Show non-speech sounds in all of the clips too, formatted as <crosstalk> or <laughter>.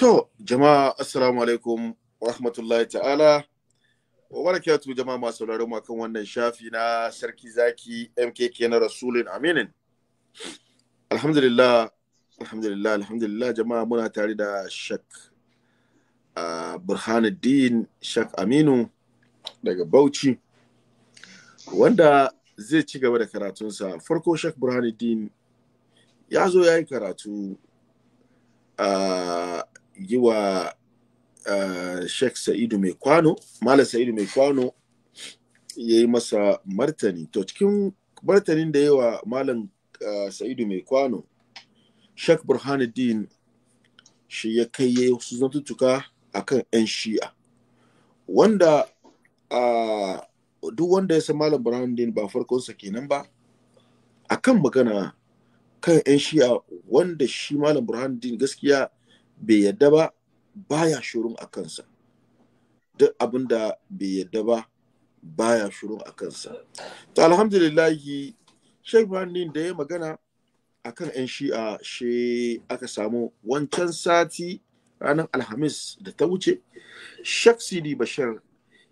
To, jama'a assalamu alaikum wa rahmatullahi ta'ala. Wa barakatu jama'a masu sauraron mu kan wannan shafi na Sarki Zaki MKK na Rasulun Aminin. Alhamdulillah, alhamdulillah, alhamdulillah jama'a muna tare da Shak uh, ah, Burhanuddin Shak Aminu daga Bauchi wanda zai ci gaba da karatunsa. Farko Shak Burhanuddin ya zo ya yi karatu ah, yi wa uh, eh, Sheikh Sa'idu mai kwano, Malam Sa'idu mai kwano ya yi masa martani. To cikin martanin da yawa Malam uh, Sa'idu mai kwano, Sheikh Burhanuddin shi ya kai ya yi wasu zantuttuka a kan 'yan shi'a. Wanda uh, duk wanda ya san Malam Burhanuddin ba farkonsa kenan ba, a kan magana kan 'yan shi'a wanda shi Malam Burhanuddin gaskiya bai yadda ba baya shirin a kansa duk abin da bai yadda ba baya shirin a kansa ta alhamdulillahi shaifanin da ya magana a kan 'yan shi'a shi aka samu wancan sati ranar alhamis da ta wuce shek sidi Bashar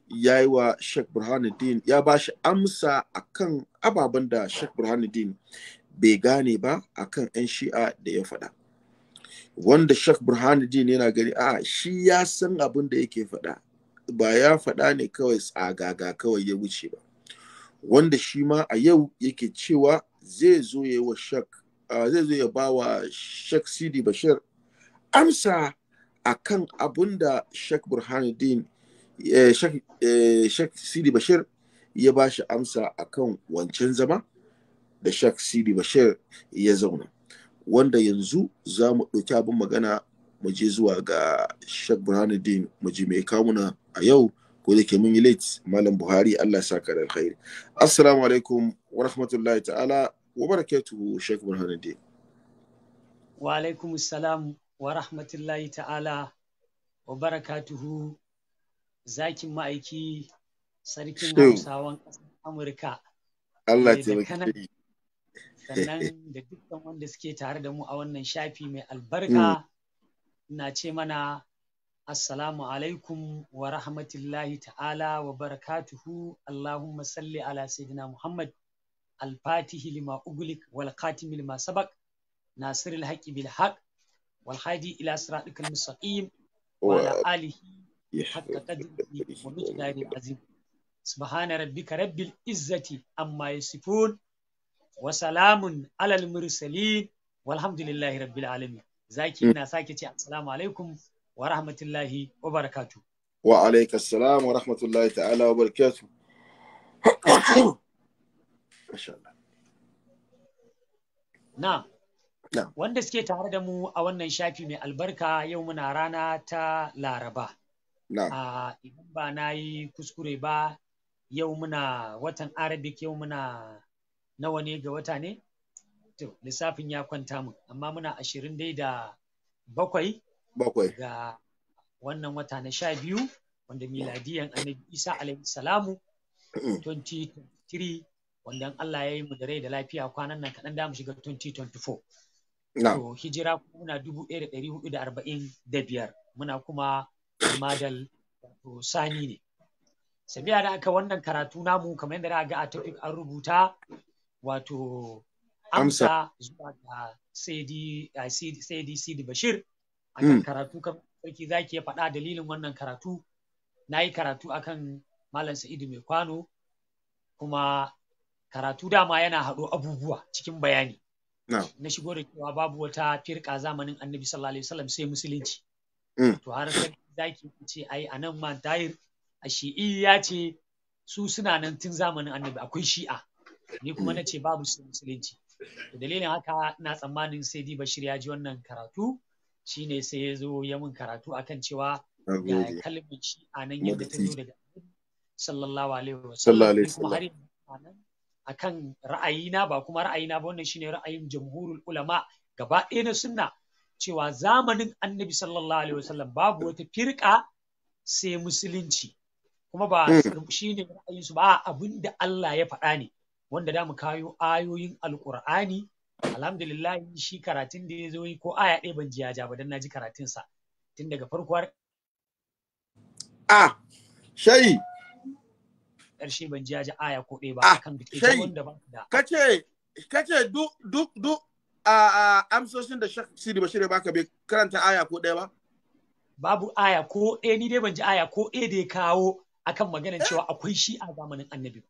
ya yi wa shek burhanuddin ya ba shi amsa a kan ababen da shek burhanuddin bai gane ba a kan 'yan shi'a da ya faɗa wanda Sheikh Burhanuddin yana gani a shi ya san abin da yake faɗa ba ya faɗa ne kawai tsagaga kawai ya wuce ba wanda shi ma a yau yake cewa zai zo ya wa Sheikh zai zo ya ba wa Sheikh Sidi Bashir amsa akan abin da Sheikh Burhanuddin eh, eh, Sheikh Sidi Bashir ya ba shi amsa akan wancan zama da Sheikh Sidi Bashir ya zauna wanda yanzu za mu ɗauki abin magana mu je zuwa ga Sheikh Burhanuddin mu ji mai kamuna a yau ko da ke mun yi late Malam Buhari Allah sa ka da alkhairi. Assalamu alaikum wa rahmatullahi ta'ala wa barakatuhu Sheikh Burhanuddin. Wa alaikum salam wa rahmatullahi ta'ala wa barakatuhu zakin ma'aiki sarkin Hausawan ƙasar Amurka. Allah taimake sannan <laughs> da dukkan wanda suke tare da mu a wannan shafi mai albarka mm. na ce mana assalamu alaikum wa rahmatullahi ta'ala wa barakatuhu allahumma salli ala sayyidina muhammad alfatihi lima ugulik wal khatimi lima sabak nasir alhaqi bil haq wal hadi ila siratikal mustaqim wa ala alihi haqqa qadrihi wa miqdari azim subhana rabbika rabbil izzati amma yasifun Wasalamun alal mursalin walhamdulillahi rabbil alamin zaki ina sake ce assalamu alaikum wa rahmatullahi wa barakatuh wa alaikas salam wa rahmatullahi ta'ala wa barakatuh <coughs> na wanda suke tare da mu a wannan shafi mai albarka yau muna rana ta laraba a ah, idan ba na yi kuskure ba yau muna watan arabic yau muna nawa ne ga wata ne to lissafin ya kwanta mun amma muna ashirin dai da bakwai ga wannan wata na sha biyu wanda miladiyan annabi isa alaihi salamu 2023 wanda Allah ya yi mu da rai da lafiya kwanan nan kaɗan mu shiga 2024 to hijira muna dubu ɗaya da ɗari hudu da arba'in da biyar muna kuma madal sani ne sabiya da aka wannan karatu namu kamar yadda ga a tafi an rubuta wato amsa zuwa ga sai di eh, bashir a kan hmm. karatu kan sarki zaki ya faɗa dalilin wannan karatu na yi karatu akan malam sa'idu mai kwano kuma karatu dama yana haɗo abubuwa cikin bayani na shigo da cewa babu wata firka zamanin annabi sallallahu alaihi wasallam sai musulunci hmm. to har sarki zaki ce ai anan ma dair a ya ce su suna nan tun zamanin annabi akwai shi'a ni kuma na ce babu su musulunci dalilin haka na tsammanin sai di bashir ya ji wannan karatu shine sai ya zo ya mun karatu akan cewa yi kalmin shi a nan yadda ta zo daga sallallahu alaihi wasallam akan ra'ayina ba kuma ra'ayina ba wannan shine ra'ayin jamhurul ulama gaba ɗaya na sunna cewa zamanin annabi sallallahu alaihi sallam. babu wata firka sai musulunci kuma ba hmm. shine ra'ayin su ba abinda Allah ya faɗa ne wanda da mu kayo ayoyin alkur'ani alhamdulillah shi karatun da ya zo yi ko aya ɗaya ban jiya ba dan naji karatun sa tun daga farko har a shayi ƙarshe ban ji ja aya ko ɗaya ba akan duk ita wanda ba da kace kace duk duk duk a amsoshin da Sheikh Sidi Bashir ka bai karanta aya ko ɗaya ba babu aya ko ɗaya ni dai ban ji aya ko ɗaya da ya kawo akan maganar eh. cewa akwai shi a zamanin annabi ba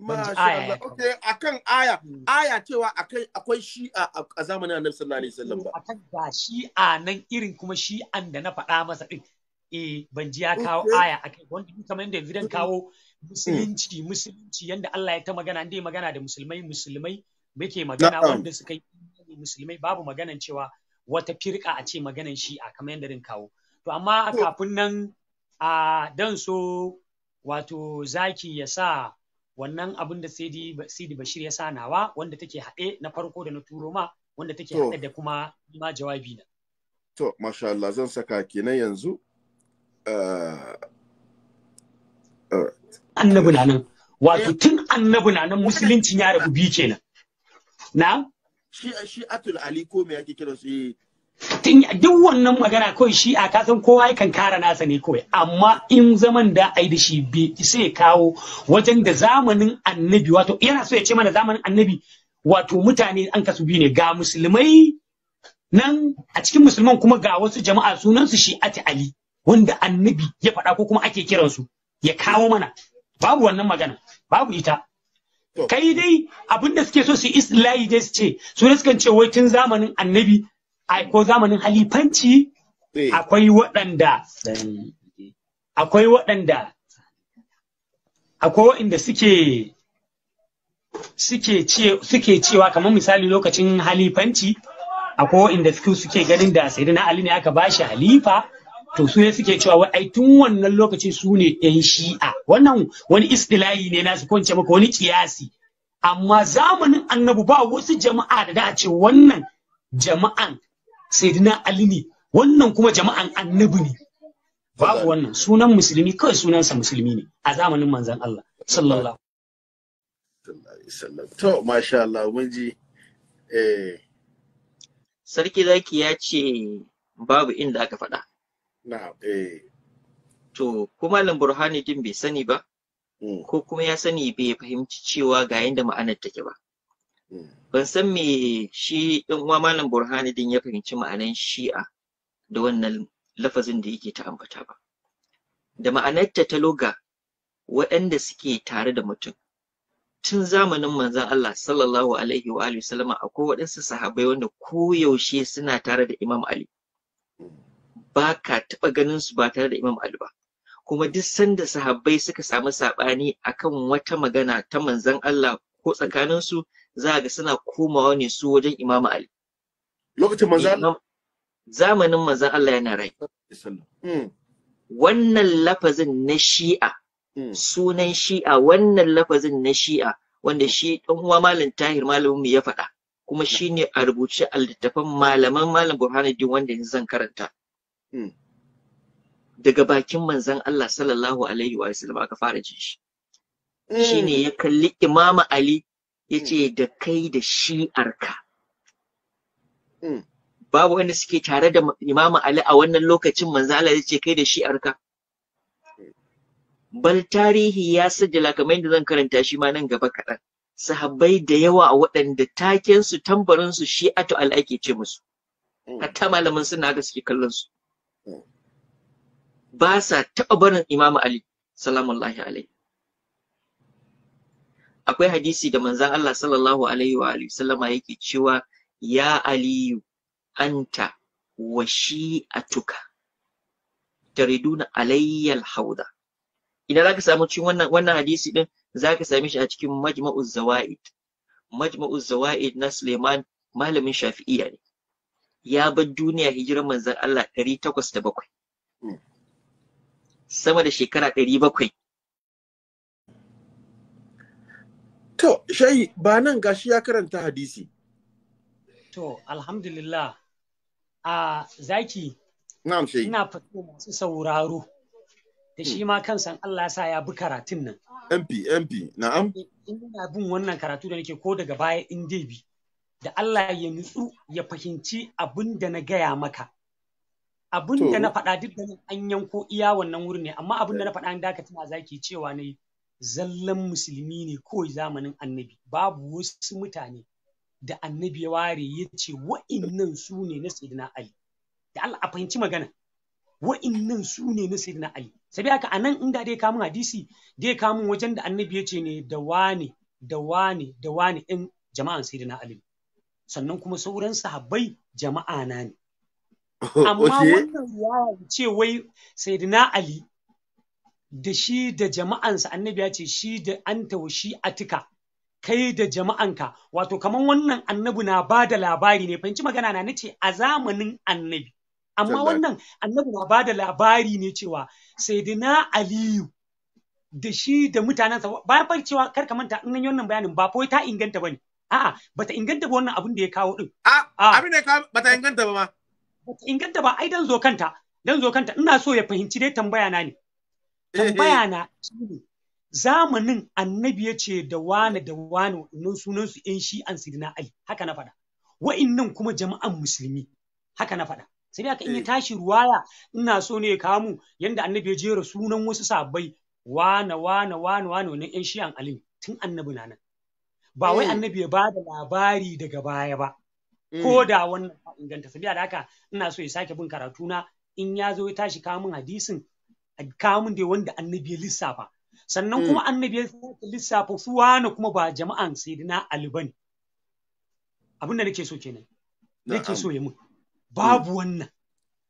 Masha Allah. Okay, akan aya, hmm. aya cewa akwai shi'a a zamanin Annabi sallallahu alaihi wasallam ba. Akan ga shi'a nan irin kuma shi'an da na faɗa masa din. Eh, ban ji ya kawo aya akai wanda kamar yadda yanzu dan kawo hmm. musulunci musulunci yanda Allah ya ta magana dai magana da musulmai musulmai muke magana wanda suka yi musulmai babu maganan cewa wata firka a ce maganan shi'a kamar yadda din kawo. To amma kafin nan a dan so wato zaki ya sa wannan abin da Sidi Bashir ya sa nawa wanda take haɗe na farko da na turo ma wanda take haɗe da kuma ma jawabi na. To, masha Allah zan saka kenan yanzu. Eh, eh. Annabi na nan, wato tun annabi na nan musuluncin ya rabu biyu kenan. Na? Shi Atul Ali ko me ake kira su tun duk wannan magana kawai shi a kasan kowa yakan kara nasa ne kawai amma in zaman da ai da shi bai sai kawo wajen da zamanin annabi wato yana so ya ce mana zamanin annabi wato mutane an kasu biyu ne ga musulmai nan a cikin musulman kuma ga wasu jama'a sunansu shi ati ali wanda annabi ya faɗa ko kuma ake kiransu ya kawo mana babu wannan magana babu ita kai dai abin da suke so su islayi dai su ce su ne sukan ce wai tun zamanin annabi ko zamanin halifanci eh. akwai waɗanda akwai waɗanda akwai waɗanda suke suke ce suke cewa kamar misali lokacin halifanci akwai waɗanda suke ganin da sai na Ali ne aka bashi halifa to su ne suke cewa wai tun wannan lokaci su ne ɗan shi'a wannan wani istilahi ne na ko kwance maka wani kiyasi amma zamanin annabu ba wasu jama'a da da a ce wannan jama'an sayyidina ali ne wannan kuma jama'an annabi ne babu wannan sunan musulmi kawai sunansa musulmi ne a zamanin manzon Allah sallallahu to masha Allah mun ji eh sarki zaki ya ce babu inda aka faɗa na'am eh to kuma lan burhani din bai sani ba hmm. ko kuma ya sani bai fahimci cewa ga yanda ma'anar take ba ban san me shi ɗan uwa malam burhanuddin ya fahimci ma'anar shi'a da wannan lafazin da yake ta ambata ba da ma'anarta ta loga waɗanda suke tare da mutum tun zamanin manzon Allah sallallahu alaihi wa alihi sallama akwai waɗansu sahabbai wanda koyaushe suna tare da Imam Ali ba ka taɓa ganin su ba tare da Imam Ali ba kuma duk sanda sahabbai suka samu saɓani akan wata magana ta manzon Allah ko tsakaninsu za ga suna komawa ne su wajen Imam Ali lokacin manzan zamanin manzan Allah yana rai hmm. wannan lafazin na shi'a hmm. sunan shi'a wannan lafazin na shi'a wanda shi ɗan uwa malam tahir malamin mu ya faɗa kuma shi ne a rubuce a littafin malaman malam burhanuddin wanda yanzu zan karanta hmm. daga bakin manzan Allah sallallahu alaihi wa sallam aka fara jin shi shine ya kalli imama ali Ya ce mm. da kai da shi'arka mm. babu wanda suke tare da imamu ali a wannan lokacin manzo Allah ce kai da shi'arka mm. bal tarihi ya sajjala kamar da zan karanta shi ma nan gaba kaɗan sahabai da yawa a waɗanda takensu su shi'atu al ake ce musu hatta malaman suna da suke kallon su ba sa taɓa barin imamu ali salamullahi alaihi akwai hadisi da manzan Allah sallallahu alaihi wa alihi sallama yake cewa ya aliyu anta wa shi atuka tariduna alayyal hauda idan zaka samu cikin wannan wannan hadisi din zaka same shi a cikin majma'uz zawaid majma'uz zawaid na Suleiman malamin Shafi'iyya ne ya bar duniya hijirar manzan Allah 807 hmm. sama da shekara 700 To, shayi ba nan gashi ya karanta hadisi. To, alhamdulillah. A zaki, Ina fito masu sauraro. Da shi ma kansan Allah sa ya bi karatun nan. MP, MP, na'am. Ina bin wannan karatu da nake ko daga baya in dai bi. Da Allah ya nutsu ya fahimci abin da na gaya maka. Abin da na faɗa duk da an yanko iya wannan wurin ne, amma abin da na faɗa an a zaki cewa na yi. zallan musulmi ne kawai zamanin annabi babu wasu mutane da annabi ya ware ya ce wa'innan su ne na sayyidina ali da Allah a fahimci magana wa'innan su ne na sayyidina ali sabi haka nan inda dai kamun hadisi dai kamun wajen da annabi ya ce ne da wane da wane da wane in jama'an sayyidina ali sannan kuma sauran sahabbai jama'a na ne <laughs> amma wannan ya ce wai sayyidina ali da shi da jama'ansa annabi ya ce shi da anta wa shi atika kai da jama'anka wato kaman wannan annabi na ba da labari ne fahimci magana na nace a zamanin annabi amma wannan annabi na ba da labari ne cewa saidina aliyu da shi da mutanensa bayan fari cewa kar ka manta in wannan bayanin ba fa ta inganta bane a'a bata inganta ba wannan abin da ya kawo din a abin da ya kawo bata inganta ba ma bata inganta ba ai dan zo kanta dan zo kanta ina so ya fahimci dai tambaya na ne tambaya eh, eh. na zamanin annabi ya ce da wane da wani wa'innan sunansu yan shi an sirina ali haka na faɗa wa'innan kuma jama'an musulmi haka na faɗa sai ka in ya eh. tashi ruwaya ina so ne ya kamu yanda annabi ya jera sunan wasu sabbai wane wane wane wani in shi an ali tun annabi na nan ba wai annabi ya ba da labari daga baya ba ko da wannan inganta sabiya da haka ina so ya sake bin karatu na in ya zo ya tashi kamun hadisin kamun min dai wanda annabi ya lissafa sannan hmm. kuma annabi ya lissafa su wani kuma ba jama'an sayyidina Ali bane abin da nake so kenan nake so ya mun babu wannan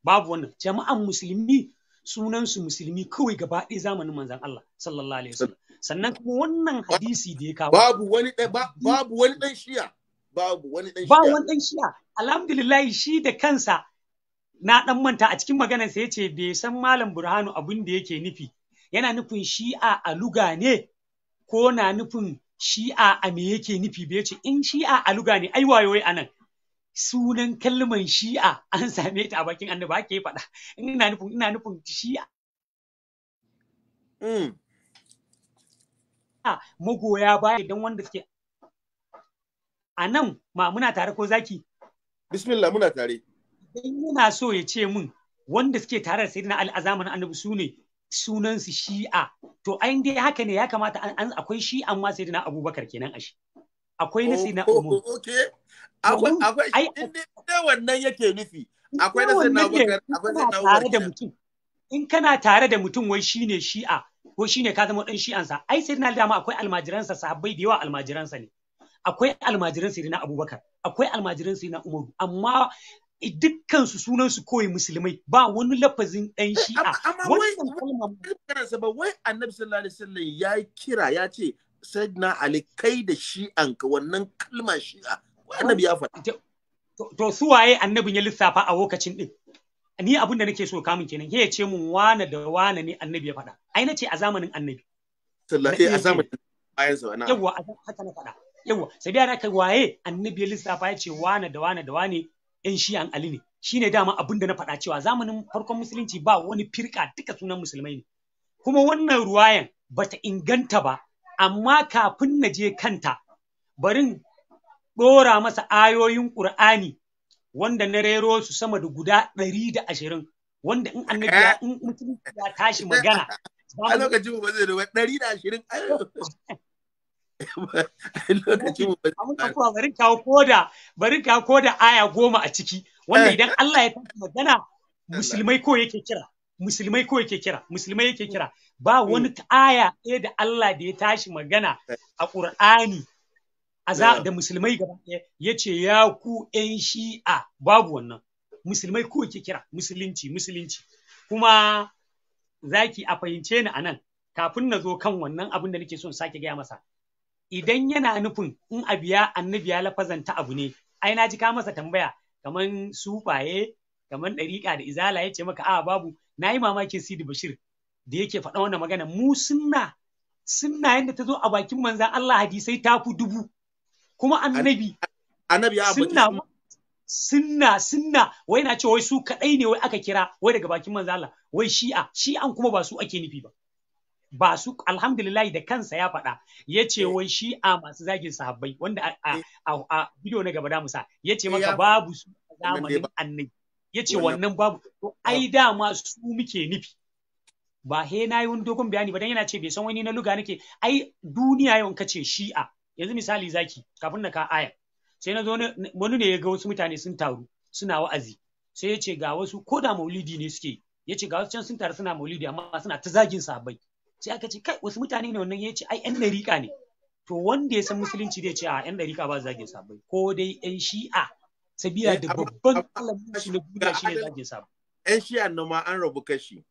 babu wannan jama'an musulmi sunan su musulmi kawai gaba ɗaya zamanin manzon Allah sallallahu alaihi wasallam sannan kuma wannan hadisi da ya kawo babu wani babu wani dan shiya babu wani dan shiya ba wani dan shiya alhamdulillah shi da kansa na dan manta a cikin maganar sa yace bai san malam burhanu abin da yake nufi yana nufin shi'a a luga ne ko na nufin shi'a a me yake nufi bai ce in shi'a a luga ne ai wai anan sunan kalman shi'a an same ta a bakin annabi ake faɗa ina nufin ina nufin shi'a mm. magoya baya idan wanda suke a nan ma muna tare ko zaki bismillah muna tare yana so ya ce min wanda suke tare da sayyidina ali a zamanin annabi su ne sunan su shi'a to ai dai haka ne ya kamata an akwai shi'an ma sayyidina abubakar kenan ashe. akwai na sayyidina umar okay akwai akwai dai wannan yake nufi akwai na sayyidina abubakar akwai na tare da mutum in kana tare da mutum wai shine shi'a ko shine ka zama dan shi'ansa ai sayyidina dama akwai almajiransa sahabbai da yawa almajiransa ne akwai almajiran sirina abubakar akwai almajiran sirina umaru amma dukkansu sunansu koyi musulmai ba wani lafazin ɗan eh, shi'a. Amma wai ba wai annabi sallallahu alaihi wasallam ya kira ya ce sayyidina Ali kai da shi'an ka wannan kalma shi'a annabi ya faɗa. To su waye annabin ya lissafa a lokacin din? Ni abin da nake so kamun kenan ya ce mun wane da wane ne annabi ya faɗa. Ai nace ce a zamanin annabi. Sallallahu alaihi wasallam bayan sa na. Yawwa haka na faɗa. Yawwa sabiya na kai waye annabi ya lissafa ya ce wane da wane da wane 'yan shi'an Ali ne shine dama abin da na faɗa cewa zamanin farkon musulunci ba wani firka duka sunan musulmai ne kuma wannan ruwayan bata inganta ba amma kafin na je kanta barin ɗora masa ayoyin ƙur'ani wanda na rero su sama da guda ɗari da ashirin wanda in annabi ya tashi magana <laughs> a lokacin ba zai ruwa ɗari da ashirin <laughs> <laughs> lokacin ba bari kawo koda bari kawo koda aya goma a ciki wanda eh. idan Allah ya tafi magana musulmai ko yake kira musulmai ko yake kira musulmai yake kira hmm. ba hmm. wani aya ɗaya da Allah da ya tashi magana eh. a Qur'ani aza eh. da musulmai gaba ya ce ya ku ƴan shi'a babu wannan musulmai ko yake kira musulunci musulunci kuma zaki a fahimce ni anan kafin na zo kan wannan abin da nake son sake gaya masa idan yana nufin in abu ya annabi ya lafazanta abu ne ai na ji ka masa tambaya kaman sufaye kaman dariƙa da izala ya ce maka a babu na yi mamakin sidi bashir da yake faɗa wannan magana mu sunna sunna yadda ta zo a bakin manzan Allah hadisai ta fi dubu kuma annabi annabi ya sunna sunna sunna wai na ce wai su kadai ne wai aka kira wai daga bakin manzan Allah wai shi'a shi'an kuma ba su ake nufi ba ba su alhamdulillah da kansa ya faɗa ya ce eh. wai shi a masu zagin sahabbai wanda a bidiyo eh. na gaba da musa ya ce eh, maka babu su a zamanin annabi ya ce wannan babu to ai dama su muke nufi ba he na yi wani dogon bayani ba dan yana ce bai san wani na luga nake ai duniya yau ka ce shi'a yanzu misali zaki kafin na ka aya sai na zo wani ne ya ga wasu mutane sun taru suna wa'azi sai ya ce ga wasu ko da maulidi ne suke ya ce ga wasu can sun taru suna maulidi amma suna ta zagin sahabbai sai aka ce kai wasu mutane ne wannan yace ai yan dariƙa ne to wanda ya san musulunci zai ce a yan dariƙa ba zage sabai ko dai yan shi'a sabiya eh, da babban alamun shi na duniya shi ne zagin sabai yan shi'a nan ma an rabu kashi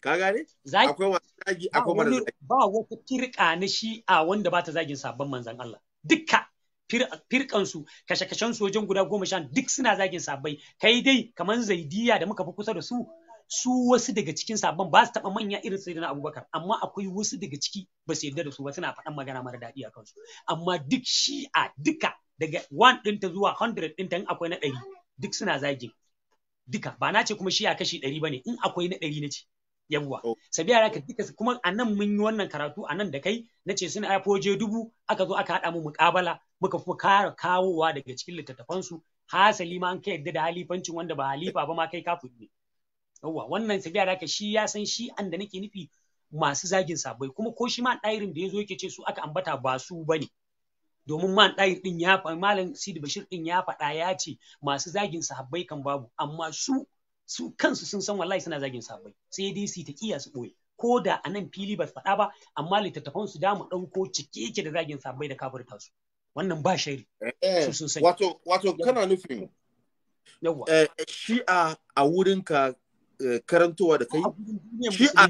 ka gane akwai masu zagi akwai mara zagi ba wata kirƙa na shi'a wanda ba ta zagin sabon manzon Allah dukka firkansu kashe-kashen wajen guda goma sha duk suna zagin sabai kai dai kamar zaidiya da muka fi kusa da su su wasu daga cikin sabon ba su taɓa manya irin sai na abubakar amma akwai wasu daga ciki ba su yarda da su ba suna faɗan magana mara daɗi a kansu amma duk shi'a duka daga 1 ɗinta zuwa 100 ɗinta in akwai na ɗari duk suna zagin duka ba na ce kuma shi shi'a kashi ɗari ba ne in akwai na ɗari na ce yawwa oh. sabiya raka duka kuma a nan mun yi wannan karatu a nan da kai na ce suna ya foje dubu aka zo aka haɗa mu muƙabala muka fi kara kawowa daga cikin littattafansu hasali ma an ka yadda da halifancin wanda ba halifa ba ma kai kafin ne yawwa wannan tafiya da haka shi ya san shi an da nake nufi masu zagin sabai kuma ko shi ma ɗairin da ya zo yake ce su aka ambata ba su ba ne domin man ɗairin ɗin ya faɗa malam sidi bashir ɗin ya faɗa ya ce masu zagin sabai kan babu amma su su kansu sun san wallahi suna zagin sabai sai dai su ta kiya su ɓoye ko da a nan fili ba su faɗa ba amma littattafan su da mu ɗauko cike yake da zagin sabai da kafirta su wannan ba shari eh, su sun sani wato wato kana nufin Yawwa. Eh, shi'a a wurinka Eh, karantowa da kai shi a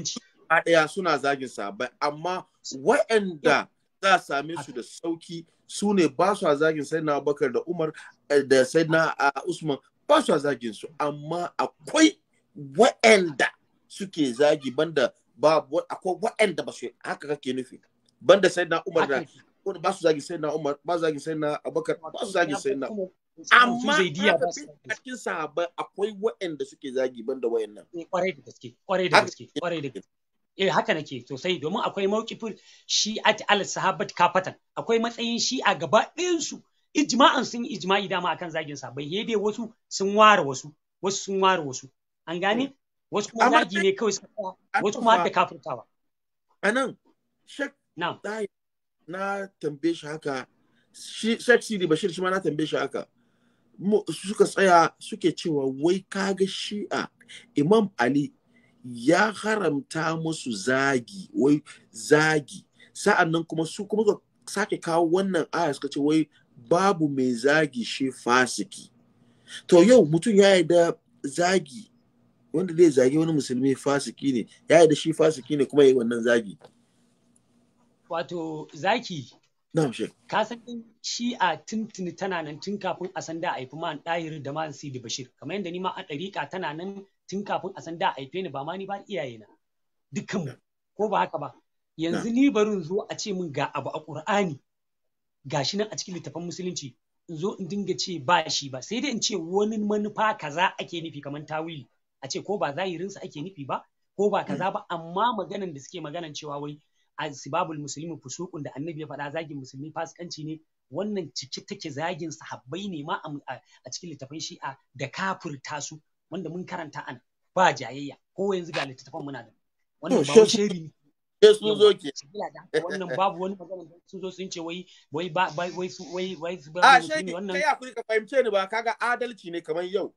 ɗaya suna zagin sahabbai amma waɗanda za a same su da sauki su ne ba su a zagin sai na bakar da umar eh, da sai na ah, usman ba su a zagin su amma akwai waɗanda suke zagi banda babu akwai waɗanda ba su haka kake nufi banda sai na umar da ba su zagin sai na umar ba su zagin sai na abakar ba su zagin sai na amma a cikin ba akwai waɗanda suke zagi ban da wayannan kwarai eh, da gaske kwarai da gaske kwarai da gaske eh haka nake sosai domin akwai mawqifin shi'at al sahabat kafatan akwai matsayin shi'a gaba ɗayan su ijma'an sun yi ijma'i dama akan zagin bai yede wasu sun ware wasu wasu sun ware wasu an gane wasu kuma zagi ne kawai wasu kuma da kafirtawa anan shek na tambaye shi haka shek sidi bashir shi ma na tambaye shi haka suka tsaya suke cewa wai kaga shi'a imam ali ya haramta musu zagi wai zagi sa'an nan kuma su kuma sake kawo wannan aya suka ce wai babu mai zagi shi fasiki to yau mutum ya yi da zagi wanda zai zagi wani musulmi fasiki ne ya yi da shi fasiki ne kuma ya yi wannan zagi wato zaki Ka san shi'a tuntuni tana nan tun kafin a san da a haifi man ɗahir da man sidi bashir. Kamar yadda ni ma a ɗariƙa tana nan tun kafin a san da a haife ni ba ma ni ba iyaye na. Dukkanmu ko ba haka ba. Yanzu ni bari in zo a ce min ga abu a Ƙur'ani. shi nan a cikin littafin musulunci in zo in dinga ce ba shi ba sai dai in ce wani manufa kaza ake nufi kamar tawili a ce ko ba zahirinsa ake nufi ba ko ba kaza ba amma maganan da suke maganan cewa wai sibabul musulmi fusuqun da annabi ya faɗa zagin musulmi fasikanci ne wannan ciki take zagin sahabbai ne ma a cikin littafin shi'a da kafirta su wanda mun karanta an ba jayayya ko yanzu ga littattafan muna da wannan ba shiri ne sun zo ke wannan babu wani magana sun zo sun ce wai wai ba wai wai wai a shege kai akuri ka fahimce ni ba kaga adalci ne kamar yau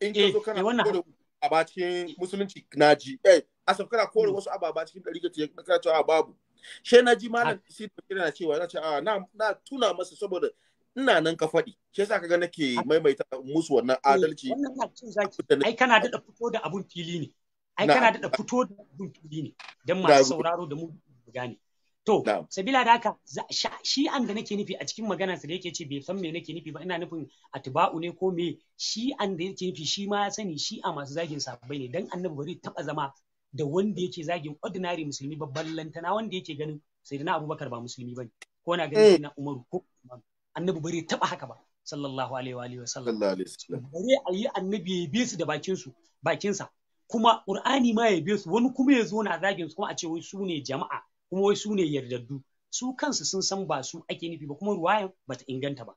in ka eh, zo kana eh, a cikin eh. musulunci naji eh a sau a kore hmm. wasu ababa cikin ɗari gati na kana cewa babu she na ji malam sai ta kira na cewa na ce a na tuna masa saboda ina nan ka faɗi shi yasa kaga nake ah. maimaita musu wannan eh, adalci ai kana daɗa fito da abun fili ne ai kana daɗa fito da abun fili ne don masu sauraro da mu gane to sabila da haka shi an da nake nufi a cikin magana sa da yake ce bai san me nake nufi ba ina nufin atba'u ne ko me shi an da yake nufi shi ma ya sani shi a masu zagin sabbai ne dan annabi bari taba zama da wanda yake zagin ordinary musulmi babban lantana, wanda yake ganin sai na abubakar ba musulmi ne. ko na ganin eh. na umaru ko annabi bare taba haka ba sallallahu alaihi wa alihi wasallam bare ayi annabi ya bi su da bakin su bakin kuma qur'ani ma ya bi su wani kuma ya zo na zagin su kuma a ce wai su ne jama'a kuma wai su ne yardaddu su kansu sun san ba su ake nufi ba kuma ruwayan ta inganta ba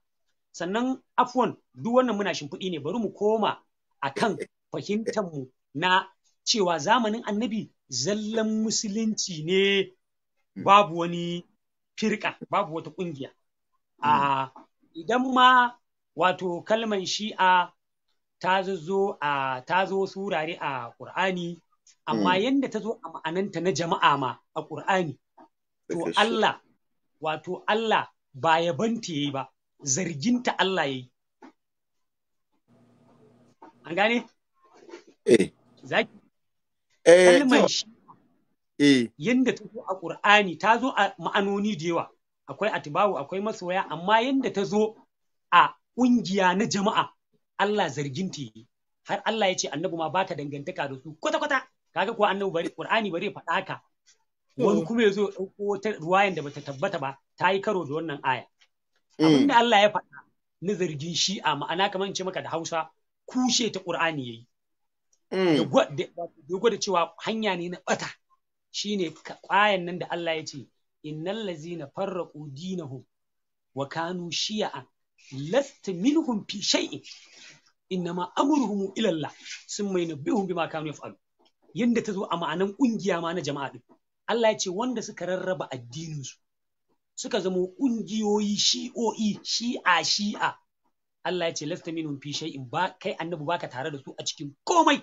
sannan afwan duk wannan muna shimfiɗi ne bari mu koma akan fahimtar mu na cewa zamanin annabi zallan musulunci ne hmm. babu wani firka babu wata kungiya a idan ma wato kalman shi'a ta zo a ta zo surare a Qur'ani amma hmm. yanda ta zo a ma'ananta na jama'a ma a Qur'ani to Allah wato Allah ba yabanta yayi ba zarginta Allah yayi an gane eh zaki Eh, kalmar shi eh. yadda ta zo a ƙur'ani ta zo a ma'anoni da yawa akwai atibawu akwai masoya amma yadda ta zo a ƙungiya na jama'a Allah zargin ta yi har Allah ya ce annabi ma ba ta dangantaka da su kwata kwata kaga ko annabi bari Qur'ani bari faɗa haka hmm. wani kuma ya zo ɗauko wata ruwayan da bata tabbata ba ta yi karo da wannan aya hmm. abinda Allah ya faɗa na zargin shi'a ma'ana kamar ce maka da Hausa kushe ta Qur'ani yayi Mm. ya gwada cewa hanya ne na bata shine kwayan nan da Allah ya ce innal ladzina farraqu dinahum wa kanu shi'a lasta minhum fi shay'in innama amruhum ila Allah summa yunabbihum bima kanu yaf'alu yanda ta zo a ma'anan ƙungiya ma na jama'a din Allah ya ce wanda suka rarraba addininsu suka zama ƙungiyoyi shi'o'i shi'a shi'a Allah ya ce lasta minhum fi shay'in ba kai annabi baka tare da su a cikin komai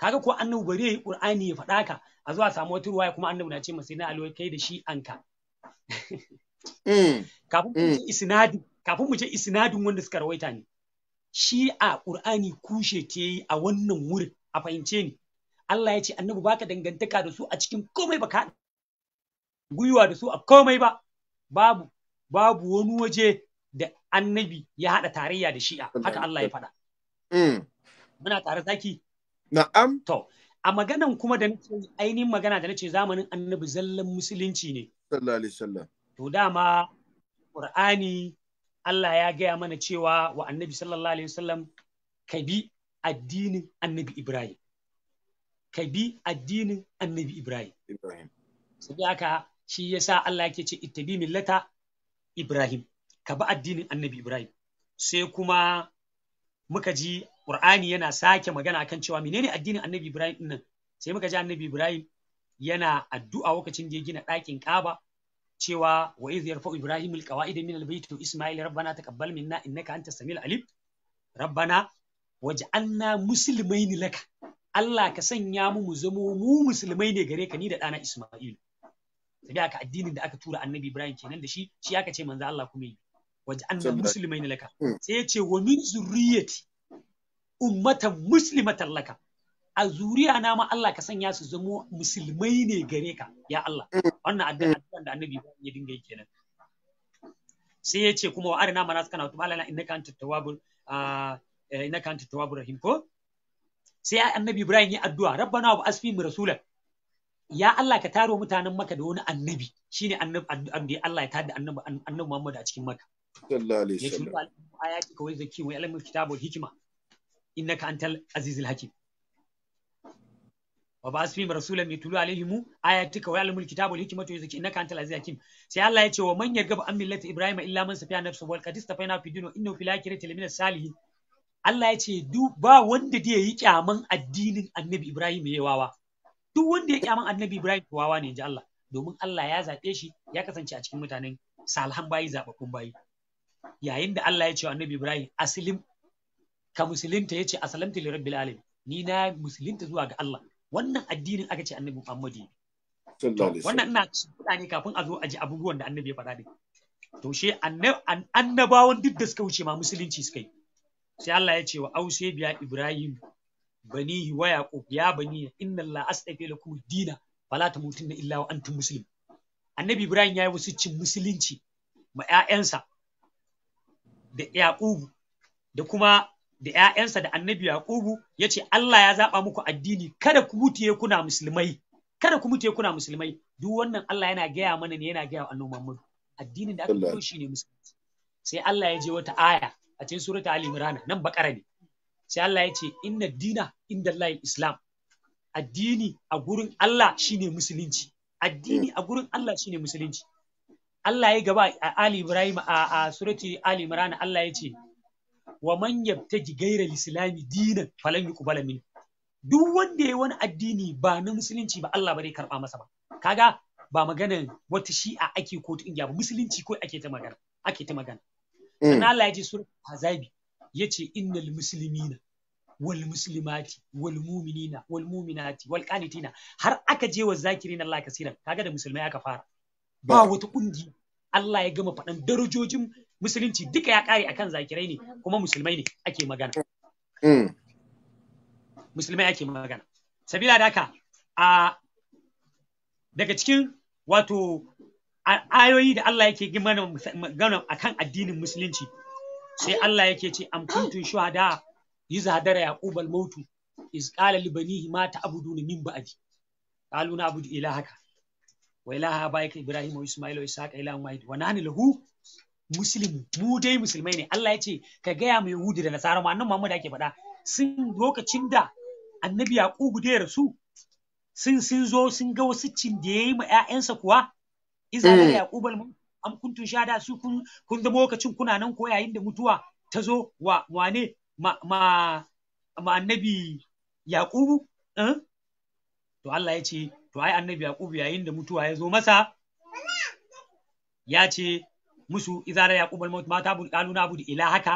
kaga ko annabi bari yayi qur'ani ya faɗa ka a zuwa samu wata ruwaya kuma annabi na ce masa na alwai kai da shi anka <laughs> eh, kafin mu ce eh. isnadin kafin mu ce isnadin wanda suka rawaita ne shi a qur'ani kushe ke yi a wannan wurin a fahimce ni Allah ya ce annabi baka dangantaka da su a cikin komai baka gwiwa da su a komai ba babu babu wani waje da annabi ya haɗa tarayya da shi'a haka Allah ya faɗa eh. muna tare zaki Na'am. To, a maganan kuma da nace ainihin magana da nace zamanin annabi zallan musulunci ne. Sallallahu alaihi sallam. To dama Qur'ani Allah ya gaya mana cewa wa annabi sallallahu alaihi wasallam ka bi addinin annabi Ibrahim. Ka bi addinin annabi Ibrahim. Ibrahim. Sai haka shi yasa Allah yake ce ittabi millata Ibrahim. Ka bi addinin annabi Ibrahim. Sai kuma muka ji Qur'ani yana sake magana akan cewa menene addinin Annabi Ibrahim din nan sai muka ji Annabi Ibrahim yana addu'a lokacin da ya gina ɗakin Ka'aba cewa wa idh yarfa Ibrahim alqawa'ida min albayt wa Isma'il rabbana taqabbal minna innaka antas samil alim rabbana waj'alna muslimaini laka Allah ka sanya mu mu zamo mu musulmai ne gare ka ni da ɗana Isma'il tabi aka addinin da aka tura Annabi Ibrahim kenan da shi shi aka ce manzo Allah kuma yi waj'alna muslimaini laka sai ya ce wa min zurriyati ummatan muslima tallaka. a zuriya na ma Allah ka sanya su zamo musulmai ne gare ka ya Allah wannan addu'a da annabi ba ya dinga yi kenan sai ya ce kuma wa arina mana kana tuba lana inna kan tawwabul eh, inna kan tawwabur rahim ko sai annabi Ibrahim ya addu'a rabbana wa asfi mi rasula ya Allah ka taro mutanen maka da wani annabi shine annabi Allah ya tada annabi annabi Muhammad a cikin maka sallallahu alaihi wasallam ayati ce wa zaki wa ilmul kitabul hikma innaka antal azizul hakim wa ba asfihim rasulan yatulu alaihim ayatika wa ya'lamul kitaba wal hikmata yuzaki innaka antal azizul hakim sai Allah ya ce wa man yarghabu an millati ibrahima illa man safiya nafsu wal qad na fi dinu innahu fil akhirati lamina salihin Allah ya ce ba wanda da yi kyaman addinin annabi ibrahim yayi wawa duk wanda ya kyaman annabi ibrahim wawa ne inji Allah domin Allah ya zaɓe shi ya kasance a cikin mutanen salihan bayi zababbun bayi yayin da Allah ya ce wa annabi ibrahim aslim ka musulunta yace aslamtu li rabbil alamin ni na musulunta zuwa ga Allah wannan addinin aka ce annabi Muhammadu wannan ina kuɗa ne kafin a zo a ji abubuwan da annabi ya faɗa din to she annabawan duk da suka wuce ma musulunci suka yi sai Allah ya ce wa aushe biya Ibrahim Bani wa yaqub ya bani inna Allah astafi lakum dina fala tamutunna illa wa antum muslim annabi Ibrahim ya yi wasu cin musulunci ma ƴaƴansa da Yaqub da kuma da ‘ya'yansa da annabi Yaqubu ya ce Allah ya zaɓa muku addini kada ku mutiye kuna musulmai kada ku mutiye kuna musulmai duk wannan Allah yana gaya mana ne yana gaya annabi Muhammad addinin da aka fito shi ne musulunci sai Allah ya je wata aya a cikin surata Ali Imran nan bakara ne sai Allah ya ce inna dina inda Allah Islam addini a gurin Allah shine musulunci addini a gurin Allah shine musulunci Allah ya gaba a Ali Ibrahim a surati Ali Imran Allah ya ce wa man yabtaji gaira islami dinan falan yuqbala min duk wanda yayi wani addini ba na musulunci ba Allah ba zai karba masa ba kaga ba maganan wata shi'a ake ko ta indiya musulunci ko ake ta magana ake ta magana eh. sannan Allah ya ce sura azabi yace innal muslimina wal muslimati wal mu'minina wal mu'minati wal qanitina har aka je wa zakirin Allah kasiran kaga da musulmai aka fara ba wata kungiya Allah ya gama faɗan darajojin musulunci duka ya kare akan zakirai ne kuma musulmai ne ake magana hmm. musulmai ake magana sabila da haka a daga cikin wato ayoyi da Allah yake magana akan addinin musulunci sai Allah yake ce am kuntum shuhada yi zahadara ya al mautu iz qala ma ta abudu ta'buduna min ba'di abudu ila haka wa ilaha abaika ibrahim wa isma'il wa isaka ila wahid wa nahnu lahu Musulmi, mu dai musulmai ne Allah ya ce ka gaya mu yahudi da nasara mu annabi Muhammad ake faɗa sun lokacin da annabi Yaqubu da rasu sun sun zo sun ga wasu cin da yayi ma ƴaƴansa kuwa iza hmm. da Yaqubal mu am kuntu shada su kun kun zama lokacin kuna nan ko yayin da mutuwa ta zo wa wane ma ma, ma annabi Yaqubu eh? to Allah ya ce to ai annabi Yaqubu yayin da mutuwa ya zo masa ya ce musu izara yaqub al maut mata kalu na budi ila haka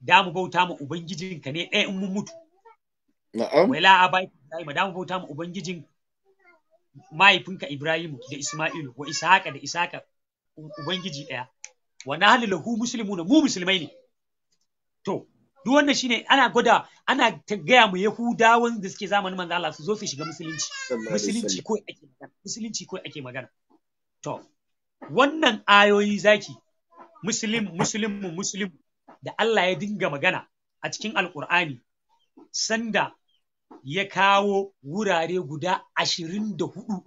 da mu bauta mu ubangijinka ne ɗaya in mun mutu na'am wala abai da mu bauta mu ubangijin mahaifinka ibrahim da isma'ilu wa isaka da isaka ubangiji ɗaya wa nahlu lahu muslimuna mu musulmai ne to duk wannan shine ana gwada ana ta gaya mu yahudawan da suke zamanin manzo Allah su zo su shiga musulunci musulunci ko ake magana musulunci ko ake magana to wannan ayoyi zaki muslim muslim muslim da Allah ya dinga magana a cikin alkur'ani sanda ya kawo wurare guda ashirin da hudu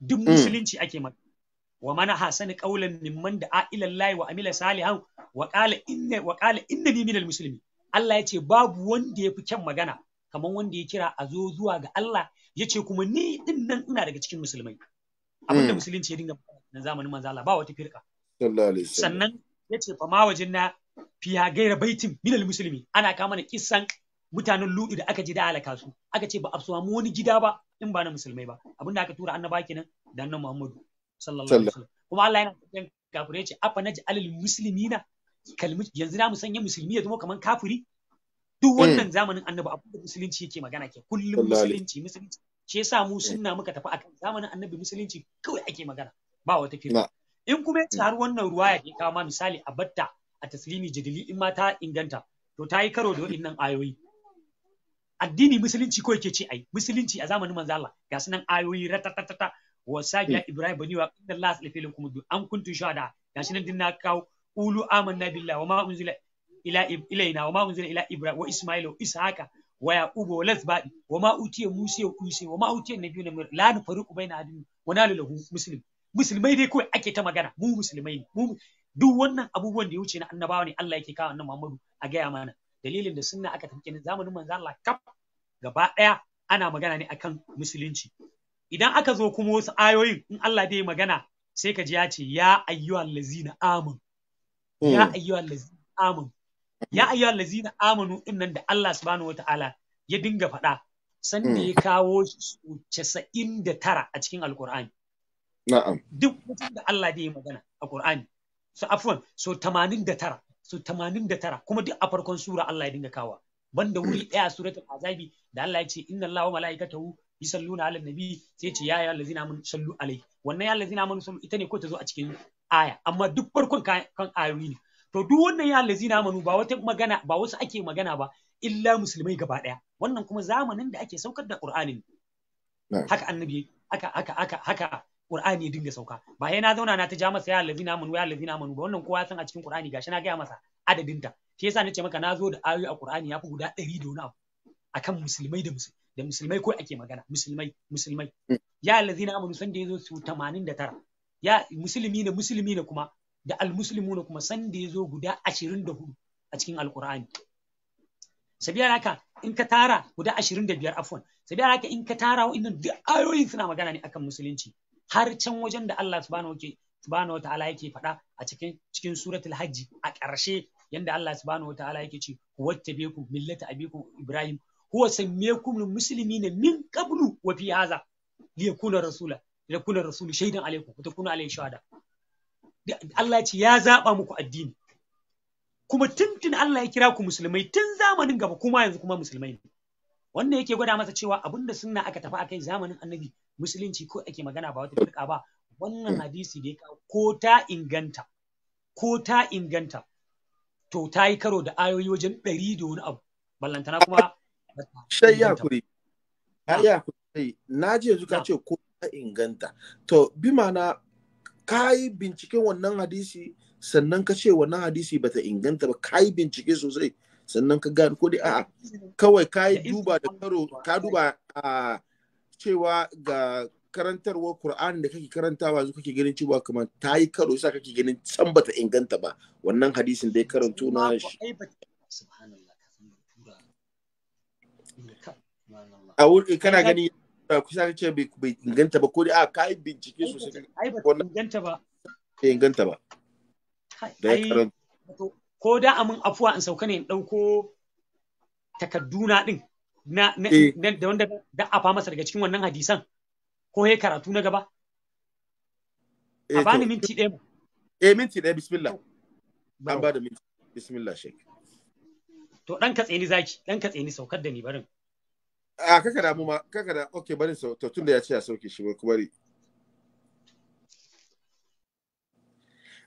duk hmm. musulunci ake maka wa mana hasani qaulan mimman da a'ilallahi wa amila salihan wa qala inna wa qala innani minal muslimin Allah ya ce babu wanda ya fi kyan magana kamar wanda ya kira a zo zuwa ga Allah ya ce kuma ni din nan ina daga cikin musulmai abinda hmm. musulunci ya dinga na zamanin manzo Allah ba wata firka sannan yace fa ma wajin na fiya gaira baitin minal musulmi ana kama na kissan mutanen ludu da aka ji da alaka su aka ce ba a samu wani gida ba in ba na musulmai ba abinda aka tura annaba kenan da annabi Muhammadu sallallahu alaihi wasallam kuma Allah yana cikin kafirai yace afa naj'alul muslimina kalmi yanzu na musanya musulmi ya zama kaman kafiri duk wannan eh. zamanin annabi da musulunci yake magana ke kullum musulunci musulunci shi yasa mu sunna muka tafi akan zamanin annabi musulunci kawai ake magana ba wata kirki in kuma yace har mm. wannan ruwa ya kawo ma misali a batta a taslimi jidili in ma ta inganta to ta yi karo da waɗannan ayoyi addini musulunci ko yake ce ai musulunci a zamanin manzo Allah ga sunan ayoyi ratatatata wa sabiya mm. ibrahim bani wa inna Allah salafilin kuma an kuntu shada ga sunan dinna kawo ulu amanna billahi wa ma unzila ila ilaina wa ma unzila ila ibrahim wa Ismail wa ishaqa wa Yaqub wa lasbadi wa ma utiya musa wa isa wa ma utiya nabiyuna la nufariqu baina ahadin wa nalu lahu muslim musulmai dai kawai ake ta magana mu musulmai ne duk wannan abubuwan da ya wuce na annabawa ne Allah yake kawo annabi Muhammadu a gaya mana dalilin da sunna aka tafi kenan zamanin manzo Allah kaf gaba daya ana magana ne akan musulunci idan aka zo kuma wasu ayoyin in Allah bai magana sai ka ji ya ce ya ayyuhal lazina amun ya hmm. ayyuhal lazina amun ya ayyuhal lazina amanu din da Allah subhanahu wataala ya dinga faɗa sanda hmm. ya kawo 99 a cikin alkur'ani Na'am. Duk mutum da Allah da ya magana a Qur'ani. So afwan so 89 so 89 kuma duk a farkon sura Allah ya dinga kawa. Banda wuri <clears throat> ɗaya suratul azabi da Allah ya ce inna Allah wa malaikatahu yusalluna ala nabi sai ce ya ya allazina mun sallu alai. Wannan ya lazina mun sallu ita ne ko ta zo a cikin aya amma duk farkon kan ayoyi ne. To duk wannan ya lazina mun ba wata magana ba wasu ake magana ba illa musulmai gaba ɗaya Wannan kuma zamanin da ake saukar da Qur'anin. Haka annabi haka haka haka haka Qur'ani dinga sauka ba yana na zauna na ta ja masa ya allazina amanu ya allazina amanu ba wannan kowa ya san a cikin Qur'ani gashi na gaya masa adadin ta shi yasa nace maka na zo da ayoyi a Qur'ani yafi guda 100 da wani abu akan musulmai da musulmai da musulmai ko ake magana musulmai musulmai ya na amanu san da yazo su 89 ya musulmi ne musulmi ne kuma da almuslimu ne kuma san da yazo guda 24 a cikin alqur'ani sabiya haka in ka tara guda 25 afwan sabiya haka in ka tara wa'annan duk ayoyin suna magana ne akan musulunci har can wajen da Allah subhanahu subhanahu wataala yake faɗa a cikin cikin suratul hajji a ƙarshe yanda Allah subhanahu wataala yake ce beku millata abiku ibrahim huwa sammakum muslimina min qablu wa fi hadha yakuna rasula yakuna rasul shaidan alaykum wa takuna alayhi shahada Allah ya ce ya zaba muku addini kuma tuntun Allah ya kira ku musulmai tun zamanin gaba kuma yanzu kuma musulmai ne wannan yake gwada masa cewa abinda sunna aka tafi akai zamanin annabi musulunci ko ake magana ba wata firka ba wannan hadisi da ya kawo ko ta inganta ko ta inganta to ta yi karo da ayoyi wajen ɗari da wani abu ballantana kuma shai ya kuri ya kuri na ji yanzu ka ce ko ta inganta to bi mana ka yi binciken wannan hadisi sannan ka ce wannan hadisi bata inganta ba ka yi bincike sosai sannan ka gane ko dai a'a kawai ka yi duba da karo ka duba a ah, cewa ga karantarwar Kur'an da kake karantawa yanzu kake ganin cewa kamar ta yi karo sa kake ganin can ta inganta ba wannan hadisin da ya karanto na shi. A wurin kana gani kusa ce bai inganta ba ko dai a kai bincike sosai. sai ba inganta ba. inganta ba. Da ya karanta. Ko da amin afuwa in sauka ne in ɗauko takadduna ɗin Eh. na da wanda da afa masa daga cikin wannan hadisan ko ya karatu na gaba a eh, bani minti ɗaya E, minti ɗaya bismillah an ba da minti bismillah shek to dan katse ni zaki dan katse ni saukar da ni barin a ah, kaka da mu ma kaka da ok barin sau to tunda ya ce a sauke shi ku bari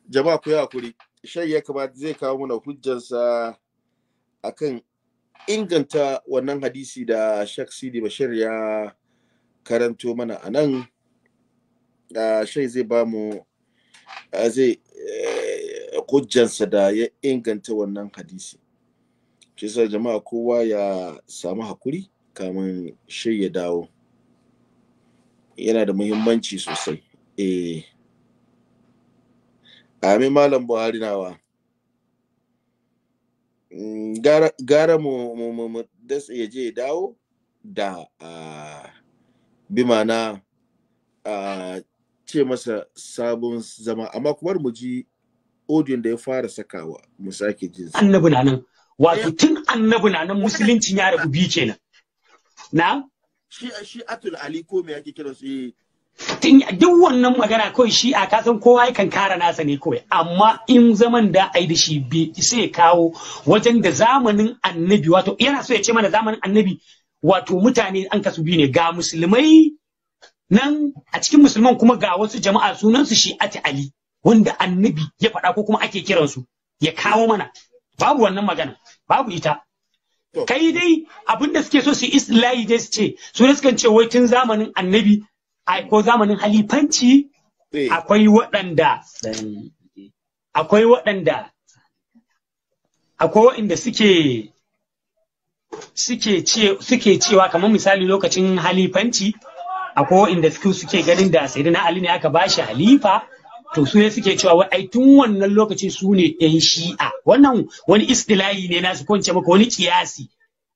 jama'a ku yi hakuri shai ya kamata zai kawo mana hujjansa akan inganta wannan hadisi da Sheikh Sidi Bashir ya karanto mana a nan shai zai ba mu eh, zai eh, hujjansa da ya inganta wannan hadisi shi sa jama'a kowa ya samu hakuri kamun shai ya dawo yana da muhimmanci sosai eh amin malam buhari nawa Mm, gara mu dasa ya je dawo da bi mana ce masa sabon zama amma kuma mu ji odin da ya fara sakawa mu sake jin annabi na nan wato tun annabi na nan musuluncin ya rabu biyu kenan na shi shi atul ali ko me yake kira su eh, tun duk wannan magana kawai shi a kasan kowa yakan kara nasa ne kawai amma in zaman da ai da shi bai isa ya kawo wajen da zamanin annabi wato yana so ya ce mana zamanin annabi wato mutane an kasu biyu ne ga musulmai nan a cikin musulman kuma ga wasu jama'a sunansu shi ati ali wanda annabi ya faɗa ko kuma ake kiransu ya kawo mana babu wannan magana babu ita kai dai abin da suke so su islayi dai su ce su ne sukan ce wai tun zamanin annabi ko zamanin halifanci eh. akwai waɗanda akwai waɗanda akwai waɗanda suke suke ce suke cewa kamar misali lokacin halifanci akwai waɗanda suke suke ganin da sayyidina Ali ne aka bashi halifa to su ne suke cewa ai tun wannan lokaci su ne ɗan shi'a wannan wani istilahi ne na su kwance maka wani kiyasi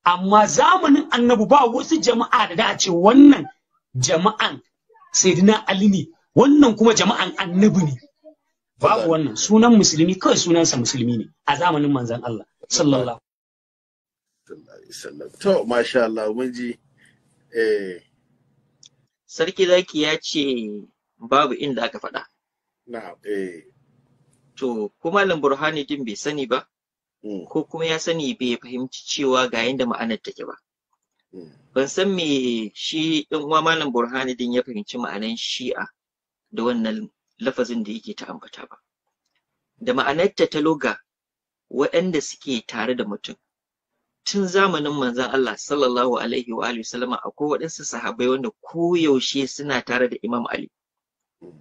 amma zamanin Annabu ba wasu jama'a da da ce wannan jama'an sayyidina ali ne wannan kuma jama'an annabi ne babu wannan sunan musulmi kawai sunansa musulmi ne a zamanin manzon Allah sallallahu to masha Allah mun ji eh sarki zaki ya ce babu inda aka faɗa na'am eh to kuma lamburhani din bai sani ba hmm. ko kuma ya sani bai fahimci cewa ga yanda ma'anar take ba ban san me shi ɗan uwa malam burhanuddin ya fahimci ma'anan shi'a da wannan lafazin da yake ta ambata ba da ma'anarta ta loga waɗanda suke tare da mutum tun zamanin Manzan Allah sallallahu alaihi wa alihi sallama akwai waɗansu sahabbai wanda koyaushe suna tare da Imam Ali hmm.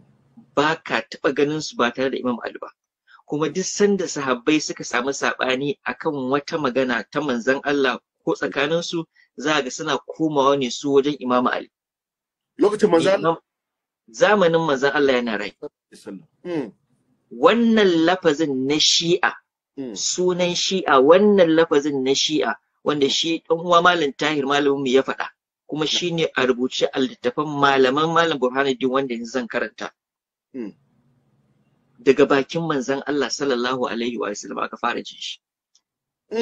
ba ka taɓa ganin su ba tare da Imam Ali ba kuma duk sanda sahabbai suka samu saɓani akan wata magana ta Manzan Allah ko tsakaninsu za ga suna komawa ne su wajen Imam Ali lokacin manzan? zamanin manzan Allah yana rai hmm. wannan lafazin na shi'a hmm. sunan shi'a wannan lafazin na shi'a wanda shi ɗan uwa malam tahir malamin mu ya faɗa kuma shi ne a rubuce a littafin malaman malam burhanuddin wanda yanzu zan karanta hmm. daga bakin manzan Allah sallallahu alaihi wa sallam aka fara jin shi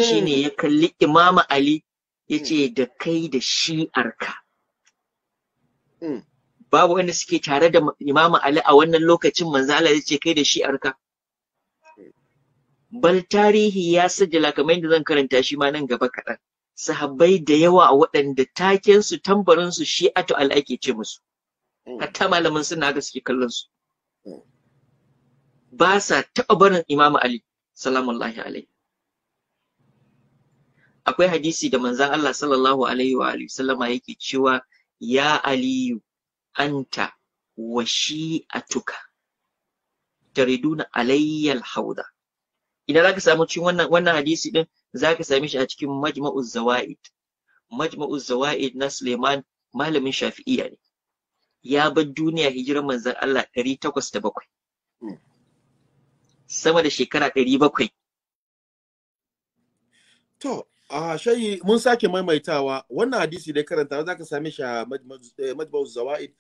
shine ya kalli imama ali ya ce hmm. da kai da shi'arka hmm. babu wanda suke tare da imamu ali a wannan lokacin manzo Allah ya ce kai da shi'arka hmm. bal tarihi ya sajala kamar yadda zan karanta shi ma nan gaba kaɗan sahabbai da yawa a waɗanda takensu tambarinsu shi'atu al ake ce musu hatta malamin suna ga suke kallon su ba sa taɓa barin imamu ali salamullahi alaihi akwai hadisi da manzan Allah sallallahu alaihi wa sallama yake cewa ya aliyu anta wa shi a shi'atuka tariduna alayyal hauda idan zaka samu cikin wannan wannan hadisi din zaka sami shi a cikin majma'uz zawaid majma'uz zawaid na Suleiman malamin shafi'i ne ya bar duniya hijirar manzan Allah 807 sama da shekara 700 to A shayi mun sake maimaitawa wannan hadisi da karanta za ka same shi a Madbaus eh, Zawa'id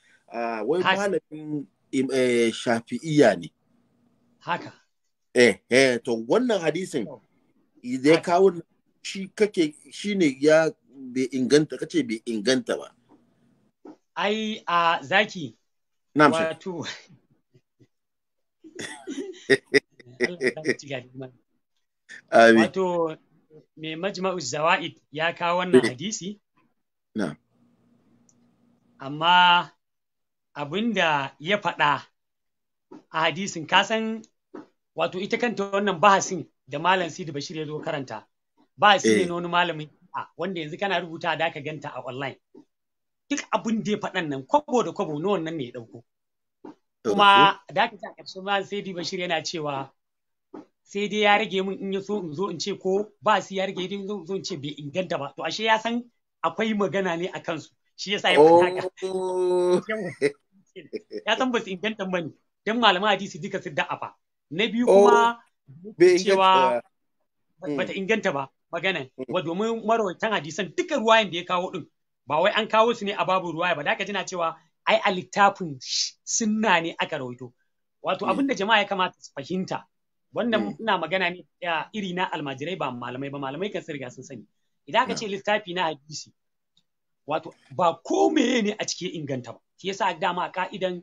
wai malamin eh, shafi'iyya ne. Haka. Eh, eh, to wannan hadisin idan ya kawo shi kake shi ne ya bai inganta kace bai inganta ba. Ai a zaki. Na'am. Wato. <laughs> Wato mai majma'u zawa'id ya kawo wannan eh. hadisi amma abinda ya faɗa a hadisin kasan wato ita kanta wannan bahasin da malam sidi bashir ya zo karanta Bahasin ne eh. na wani malamin wanda yanzu kana rubuta da aka ganta a online duk abin da ya faɗan nan kwabo da kwabo na wannan ne ya ɗauko kuma da aka ce a ƙarshen malam sidi bashir yana cewa sai dai ya rage mun in ya so in zo in ce ko ba su ya rage in zo in ce bai inganta ba to ashe ya san akwai magana ne a kansu shi yasa ya fita haka oh. <laughs> ya san ba su inganta ba ne dan malaman hadisi duka su fa. na biyu oh. kuma cewa ta hmm. inganta ba magana hmm. wa domin marawaitan hadisan duka ruwayan da ya kawo din ba wai an kawo su ne a babu ruwaya ba da ka jina cewa ai a littafin sunna ne aka rawaito wato hmm. abinda jama'a ya kamata su fahimta wannan eh. ina magana ne iri na almajirai ba malamai ba malamai kan riga sun sani idan aka ce littafi na hadisi wato ba ko meye ne a cikin inganta ba shi yasa dama ka'idan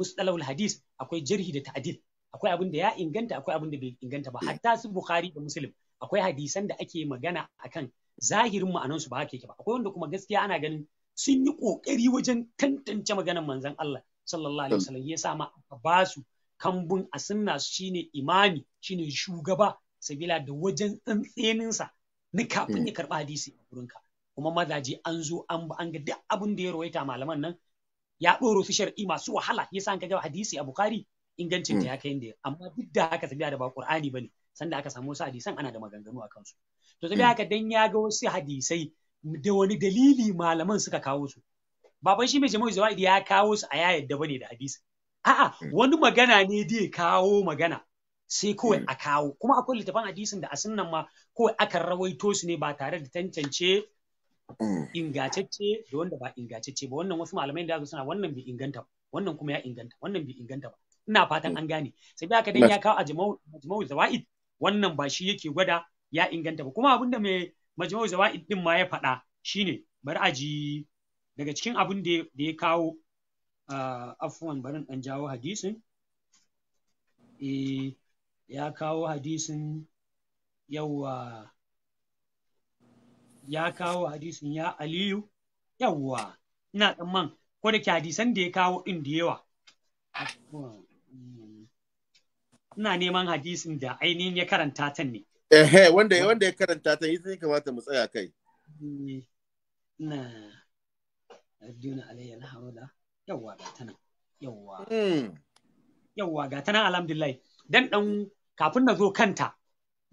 mustalahul hadis akwai jirhi da ta'dil akwai abin da ya inganta akwai abin da bai inganta ba hatta su bukhari da muslim akwai hadisan da ake magana akan zahirin ma'anan su ba haka yake ba akwai wanda kuma gaskiya ana ganin sun yi kokari wajen tantance maganar manzon Allah sallallahu alaihi wasallam yasa ma ba su kambun a sunna shine imami shine shugaba sabila da wajen tsantseninsa na kafin ya hmm. karba hadisi a gurinka kuma mazaje an zo an an ga duk abin da ya rawaita malaman nan ya ɗoro su shar'i masu wahala yasa an ga hadisi a bukari ingancin ta hmm. ya kai inda amma duk da haka sabila da ba qur'ani bane sanda aka samu wasu hadisan ana da maganganu a kansu to sabila hmm. haka dan ya ga wasu hadisai da wani dalili malaman suka kawo su baban shi mai jama'u zawaidi ya kawo su a ya yadda bane da hadisi A'a mm. wani magana ne dai kawo magana sai kawai mm. a kawo kuma akwai littafan hadisin da a sunan ma kawai akan rawaito su ne ba tare da tantance mm. ingantacce da wanda ba ingantacce ba wannan wasu malamai da suna wannan bai inganta wannan kuma ya inganta wannan bai inganta ba ina fatan an gane sai aka dan ya kawo a jama'u zawaid wannan ba shi yake gwada ya inganta ba kuma abinda mai majmu'ul zawaid din ma ya faɗa shine bari a ji daga cikin abin da ya kawo Ah, afwan barin ɗan jawo hadisin eh ya kawo hadisin yawwa, ya kawo hadisin ya aliyu yawwa. ina tsamman ko da ke hadisan da ya kawo ɗin da yawa ina neman hadisin da ainihin ya karanta tan ne ehe wanda wanda ya karanta ta yi sai kamata mu tsaya kai eh, na adduna alayhi alhamdulillah yawwa ga tana yawwa hmm. yawwa ga alhamdulillah dan dan kafin na zo kanta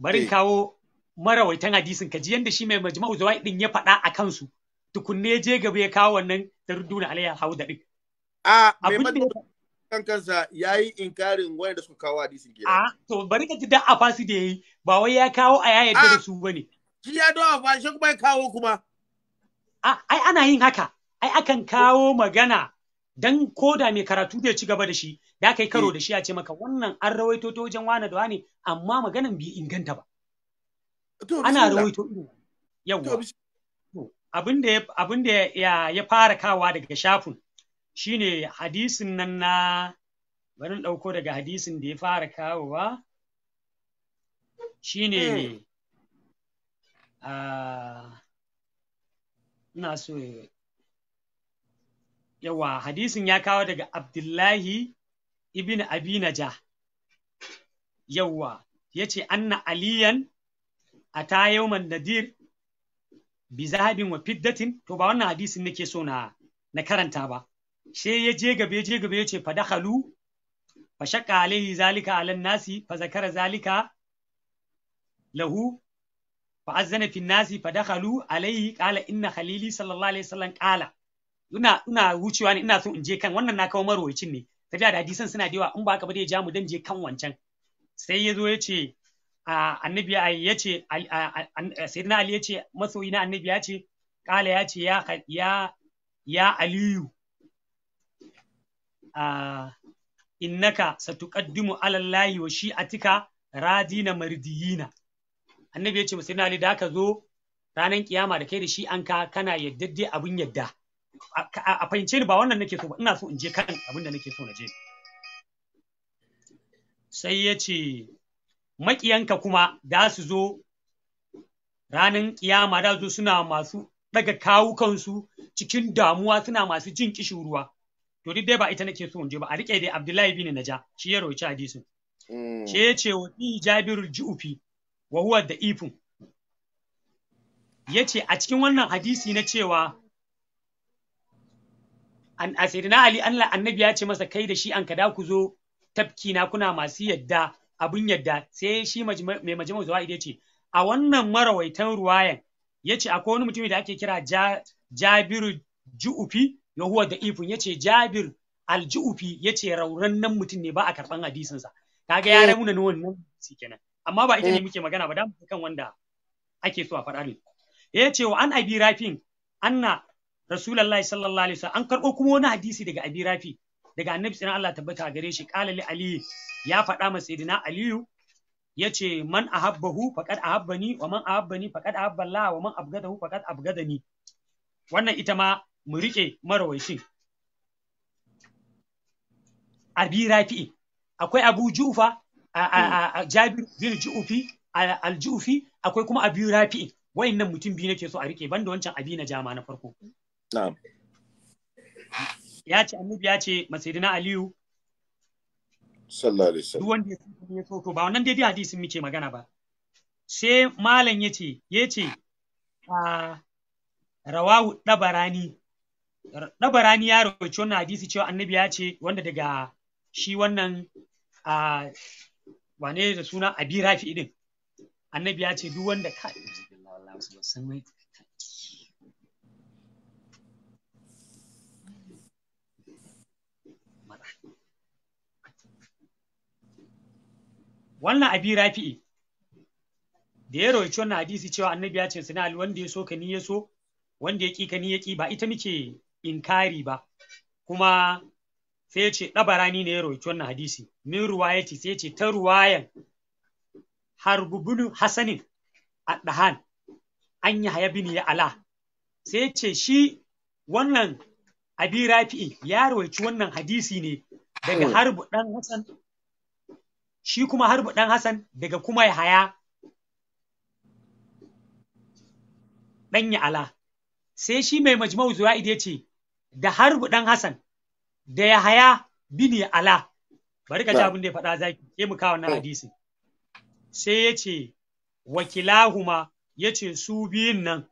bari eh. kawo marawaitan hadisin ka ji yanda shi mai majma'u zawai din ya faɗa a kansu tukunne je gaba ya kawo wannan daruduna alayya da din a Mai da kan kansa yayi inkarin wanda suka kawo hadisin kenan a to bari ka ji da fasi da yayi ba wai ya kawo a yaya da su bane shi ya a afasi kuma ya kawo kuma a ai ana yin haka ai akan kawo magana dan ko da mai karatu bai ci gaba da shi da kai karo eh. da shi a ce maka wannan an rawaito ta wajen wane da wane amma maganan bai inganta ba ana rawaito irin abin da abin da ya fara kawa daga shafin shine hadisin nan na bari dauko daga hadisin da ya fara kawowa shine eh. ah, ina so yawa hadisin ya kawo daga abdullahi ibn abi najah yawa ya ce anna aliyan a ta yawman nadir bi zahabin wa fiddatin to ba wannan hadisin nake so na na karanta ba she ya je gabe je gabe ya ce fa dakhalu fa shaqqa alayhi zalika alan nasi fa zakara zalika lahu fa azana fi nasi fa dakhalu alaihi qala inna khalili sallallahu alaihi wasallam qala ina wucewa ne ina so in je kan wannan na kawo marwayacin ne tafiya da hadisan suna da yawa in ba ka ba zai ja mu dan je kan wancan sai ya zo ya ce annabi ya ce sayyidina ali ya ce masoyi na annabi ya ce kala ya ce ya ya aliyu innaka satuqaddimu ala allahi wa shi'atika radina mardiyina annabi ya ce sayyidina ali da ka zo ranar kiyama da kai da shi an ka kana yaddadde abin yadda a fahimce ni ba wannan nake so ba ina so in je kan abin da nake so na je sai ya ce maƙiyanka kuma da su zo ranar kiyama da zo suna masu daga kawukansu cikin damuwa suna masu jin kishin ruwa to duk dai ba ita nake so in je ba a riƙe dai Abdullahi bin Naja shi ya roci hadisin mm. shi ya ce wa jabir ji'ufi wa huwa da ifin Ya ce a cikin wannan hadisi na cewa a sayyidina ali Allah annabi ya ce masa kai da shi an kada ku zo tafki na kuna masu yadda abun yadda sai shi mai majmu'u zuwa ya ce a wannan marawaitan ruwayan ya ce akwai wani mutumi da ake kira Jabiru Ju'ufi ya huwa da ifin ya ce Jabir Al-Ju'ufi ya ce nan mutum ne ba a karɓan hadisinsa kaga ya eh. rauna na wannan si kenan amma ba ita ne eh. muke magana ba da kan wanda ake so a faɗa ne ya ce wa an abi rafin anna rasulullahi sallallahu alaihi wasallam an karɓo kuma wani hadisi daga abi rafi daga annabi tsinan Allah tabbata a gare shi qala li ali ya faɗa ma sayyidina aliyu yace man ahabbahu faqad ahabbani wa man ahabbani faqad ahabba Allah wa man abgadahu faqad abgadani wannan ita ma mu rike marawaishin abi Rafi akwai abu jufa a jabir bin jufi al jufi akwai kuma abi Rafi wayannan mutum biyu nake so a rike banda wancan abi na jama na farko ya ce annabi ya ce masaidina aliyu sallallahu alaihi wasallam duk wanda ya san ya so to ba wannan daidai hadisin muke magana ba sai malam ya ce ya ce a rawahu dabarani dabarani ya rawaci wannan hadisi cewa annabi ya ce wanda daga shi wannan a wane da suna abi rafi din annabi ya ce duk wanda ka wannan abi rafi'i da ya rawaito wannan hadisi cewa annabi ya ce sina wanda ya so ka ni ya so wanda ya ki ka ni ya ki ba ita muke inkari ba kuma sai ya ce ɗabarani ne ya rawaito wannan hadisi min ruwayati sai ya ce ta ruwayan harbubunu hasanin a ɗahan an yi bin ya ala sai ya ce shi wannan abi rafi'i ya rawaici wannan hadisi ne daga hmm. harbu ɗan hasan shi kuma harbu ɗan Hassan daga kuma haya ɗan ala. Sai shi mai majmau zuwa ya ce, da harbu ɗan Hassan da ya haya ya ala. Bari ka ji abin da ya faɗa zaki, ke mu kawo wannan hadisi. Sai ya ce, wakilahuma ya ce su biyun nan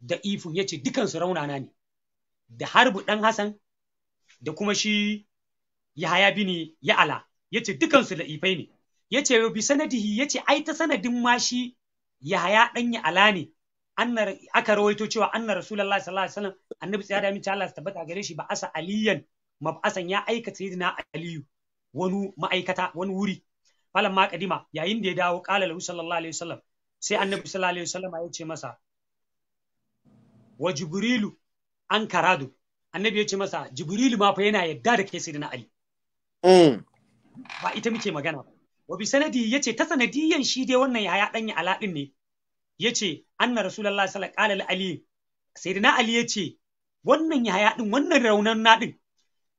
da ifin ya ce dukansu raunana ne. Da harbu ɗan Hassan da kuma shi yahaya haya bini ya ala. Ya ce dukansu da ifai ne ce wa bi sanadihi ce ai ta sanadin ma shi Yahaya dan ya ala ne aka rawaito cewa anna rasulullahi sallallahu alaihi wasallam annabi sai da mita Allah tabbata gare shi ba asa aliyan asan ya aika sayyidina aliyu wani ma'aikata wani wuri falan ma kadima yayin da ya dawo qala lahu sallallahu alaihi wasallam sai annabi sallallahu alaihi wasallam ya ce masa wa jibrilu an karadu annabi ya ce masa jibrilu ma fa yana yadda da kai sayyidina ali mm. ba ita muke magana ba Wabi sanadi ya ce ta sanadiyan shi dai wannan yaya ɗan ya alaɗin ne an na rasulullahi sallallahu alaihi wasallam ali na ali ya ce, wannan yaya ɗin, wannan raunan na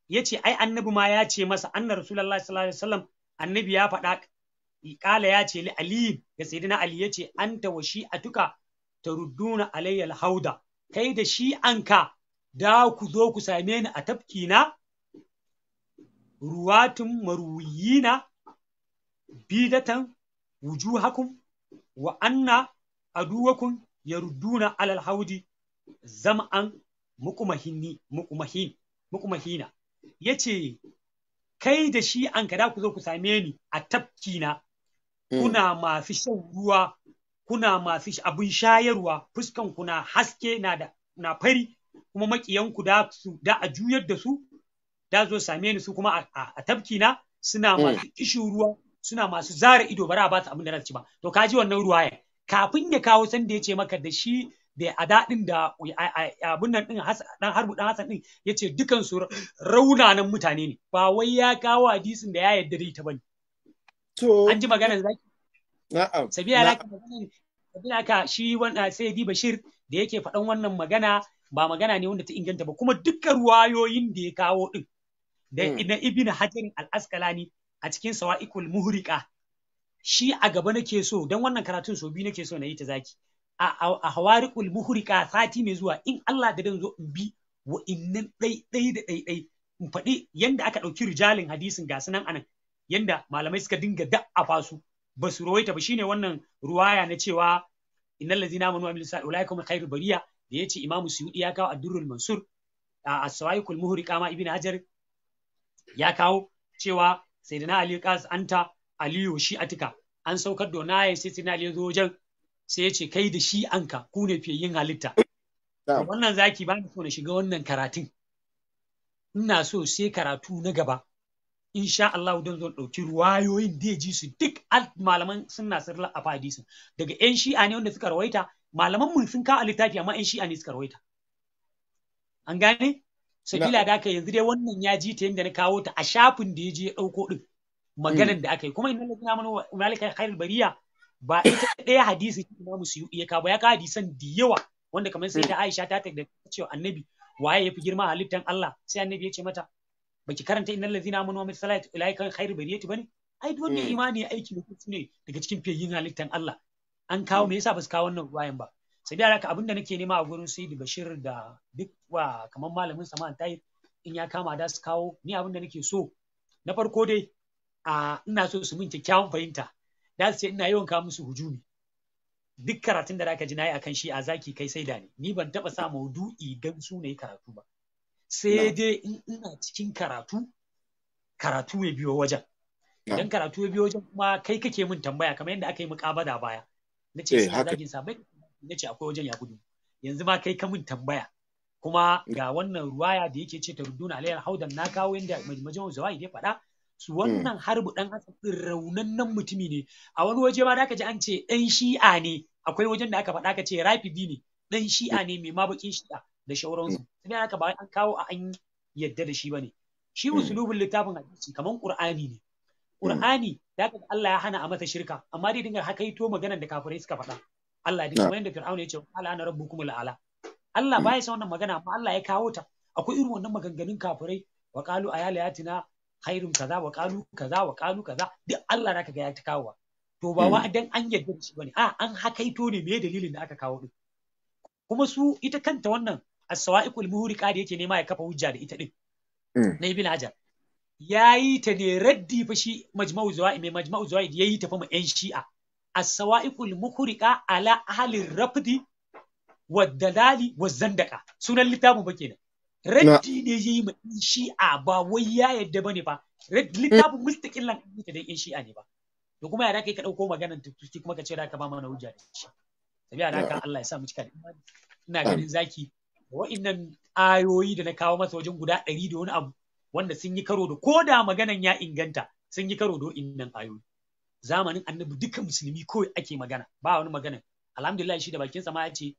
Ya ce, ai annabi ma ya ce masa na rasulullahi sallallahu alaihi wasallam annabi ya faɗa Ƙala ya ce li ali ga na ali an ta wa shi ta tarudduna alayya hauda kai da shi anka da ku zo ku same ni a tafki na ruwatun maruyina bidatan wujuhakum wa anna aduwakum yarduna alal haudi zam'an muqumahini muqumahin muqumahina yace kai da shi an kada ku zo ku same ni a tafki na hmm. kuna masu shan ruwa kuna masu abin shayarwa fuskan kuna haske na da na fari kuma makiyanku da su da a juyar da su da zo same ni su kuma a tafki na suna hmm. masu kishin ruwa suna masu zara ido bara ba su abin da ci ba to ka ji wannan ya kafin ya kawo san da ya ce maka da shi da a daɗin da abin nan ɗin dan harbu dan hasan ɗin ya ce dukan su raunanan mutane ne ba wai ya kawo hadisin da ya yarda da ita bane to an ji maganar zaki na'am ya laki maganar ka shi wanda sai di bashir da yake faɗan wannan magana ba magana ne wanda ta inganta ba kuma dukkan ruwayoyin da ya kawo ɗin da hmm. na ibn hajarin al-askalani a cikin sawa'ikul muhrika shi a gaba nake so don wannan karatun so biyu nake so na yi ta zaki a hawarikul muhrika sati mai zuwa in Allah da dan zo in bi wa innan dai dai da dai dai in faɗi yanda aka ɗauki rijalin hadisin ga sunan anan yanda malamai suka dinga da' a fasu. ba su rawaita ba ne wannan ruwaya na cewa innal ladzina amanu wa amilus salihati ulaikum khairul bariya da ya ce imamu suyudi ya kawo ad-durrul mansur a as-sawaikul ma ibn hajar ya kawo cewa Saidina ali qas anta aliyu shi atika an saukar da naye sai Saidina ali zo wajen sai ya ce kai da shi anka ku ne fiye yin halitta wannan zaki ba so na shiga wannan karatun ina so sai karatu na gaba insha Allah don zan dauki ruwayoyin da ji su duk malaman sunna sirla a hadisin daga yan shi'a ne wanda suka rawaita malaman mun sun kawo littafi amma yan shi'a ne suka rawaita an gane sabila da aka yanzu dai wannan ya ji ta yadda na kawo ta a shafin da ya je ya ɗauko ɗin maganar mm. da aka yi kuma inna lazina amanu malika khairul bariya ba ita ɗaya hadisi Imam Suyuti ya kawo ya kawo hadisan da yawa wanda kamar sai da mm. Aisha ta ta da cewa annabi waye ya fi girma halittan Allah sai annabi ya ce mata baki karanta innal ladzina amanu wa amilus salati ulaika khairu ba ne? ai duk wanda mm. imani ya aiki da ne daga cikin fiyin halittan Allah an kawo me yasa ba su kawo wannan bayan ba sabi haka abin da nake nema a gurin saidu Bashir da duk wa kamar malamin Saman tai in ya kama da su kawo ni abin da nake so na farko dai a ina so su min kyakkyawan fahimta da su ce ina yawan kawo musu hujumi duk karatun da zaka ji nayi akan shi a zaki kai sai da ni ni ban taba sa maudu'i dan su ne karatu ba sai dai in ina cikin karatu karatu ya biyo wajen idan karatu ya biyo wajen kuma kai kake min tambaya kamar yadda aka yi muƙabada baya na ce eh, sai zagin sa bai na ce akwai wajen ya gudu yanzu ma kai ka tambaya kuma ga wannan ruwaya da yake ce ta ruduna alayyar haudan na kawo yadda majmajin zawai ya faɗa su wannan mm. harbu dan hasan raunannen mutumi ne a wani waje ma da aka ji an ce dan shi'a ne akwai wajen da aka faɗa ka ce rafidi ne dan shi'a ne mai mabakin shi'a da shauransu mm. sai aka ba an kawo a an yadda da shi ba ne. shi mm. usulubin littafin hadisi kaman qur'ani ne qur'ani da Allah ya hana a masa shirka amma dai dinga hakaito maganar da kafirai suka faɗa Allah dai kamar yadda Fir'auna ya ce ala ana rabbukum la'ala. Allah baya sa wannan magana amma Allah ya kawo ta akwai irin wannan maganganun kafirai wa qalu ayalatina khairum kaza wa qalu kaza wa qalu kaza duk Allah naka ga ya ta kawo to ba hmm. wa dan an yadda da shi bane a an hakaito ne me dalilin da aka kawo din kuma su ita kanta wannan as-sawa'iqul muhriqa da yake nema ya kafa hujja da ita din hmm. na ibn hajar yayi ta ne raddi fa shi majma'u zawa'i mai majma'u zawa'i yayi ta fa ma yan shi'a asawaikul sawaiqul mukhriqa ala ahli rafdi wa dalali wa zandaka sunan littafin ba kenan raddi ne yi ma shi'a ba wai ya yadda bane ba littafin mustaqillan ta da shi'a ne ba to kuma ya kai ka dauko maganar tuki kuma ka ce da ka ba mana hujja da shi tabi da haka Allah ya sa mu cika da imani ina ganin zaki wa'innan ayoyi da na kawo masa wajen guda ɗari da wani abu wanda sun yi karo da ko da maganan ya inganta sun yi karo da wa'innan ayoyi zamanin annabi dukkan musulmi kawai ake magana ba wani magana alhamdulillah shi da bakin sa ma ya ce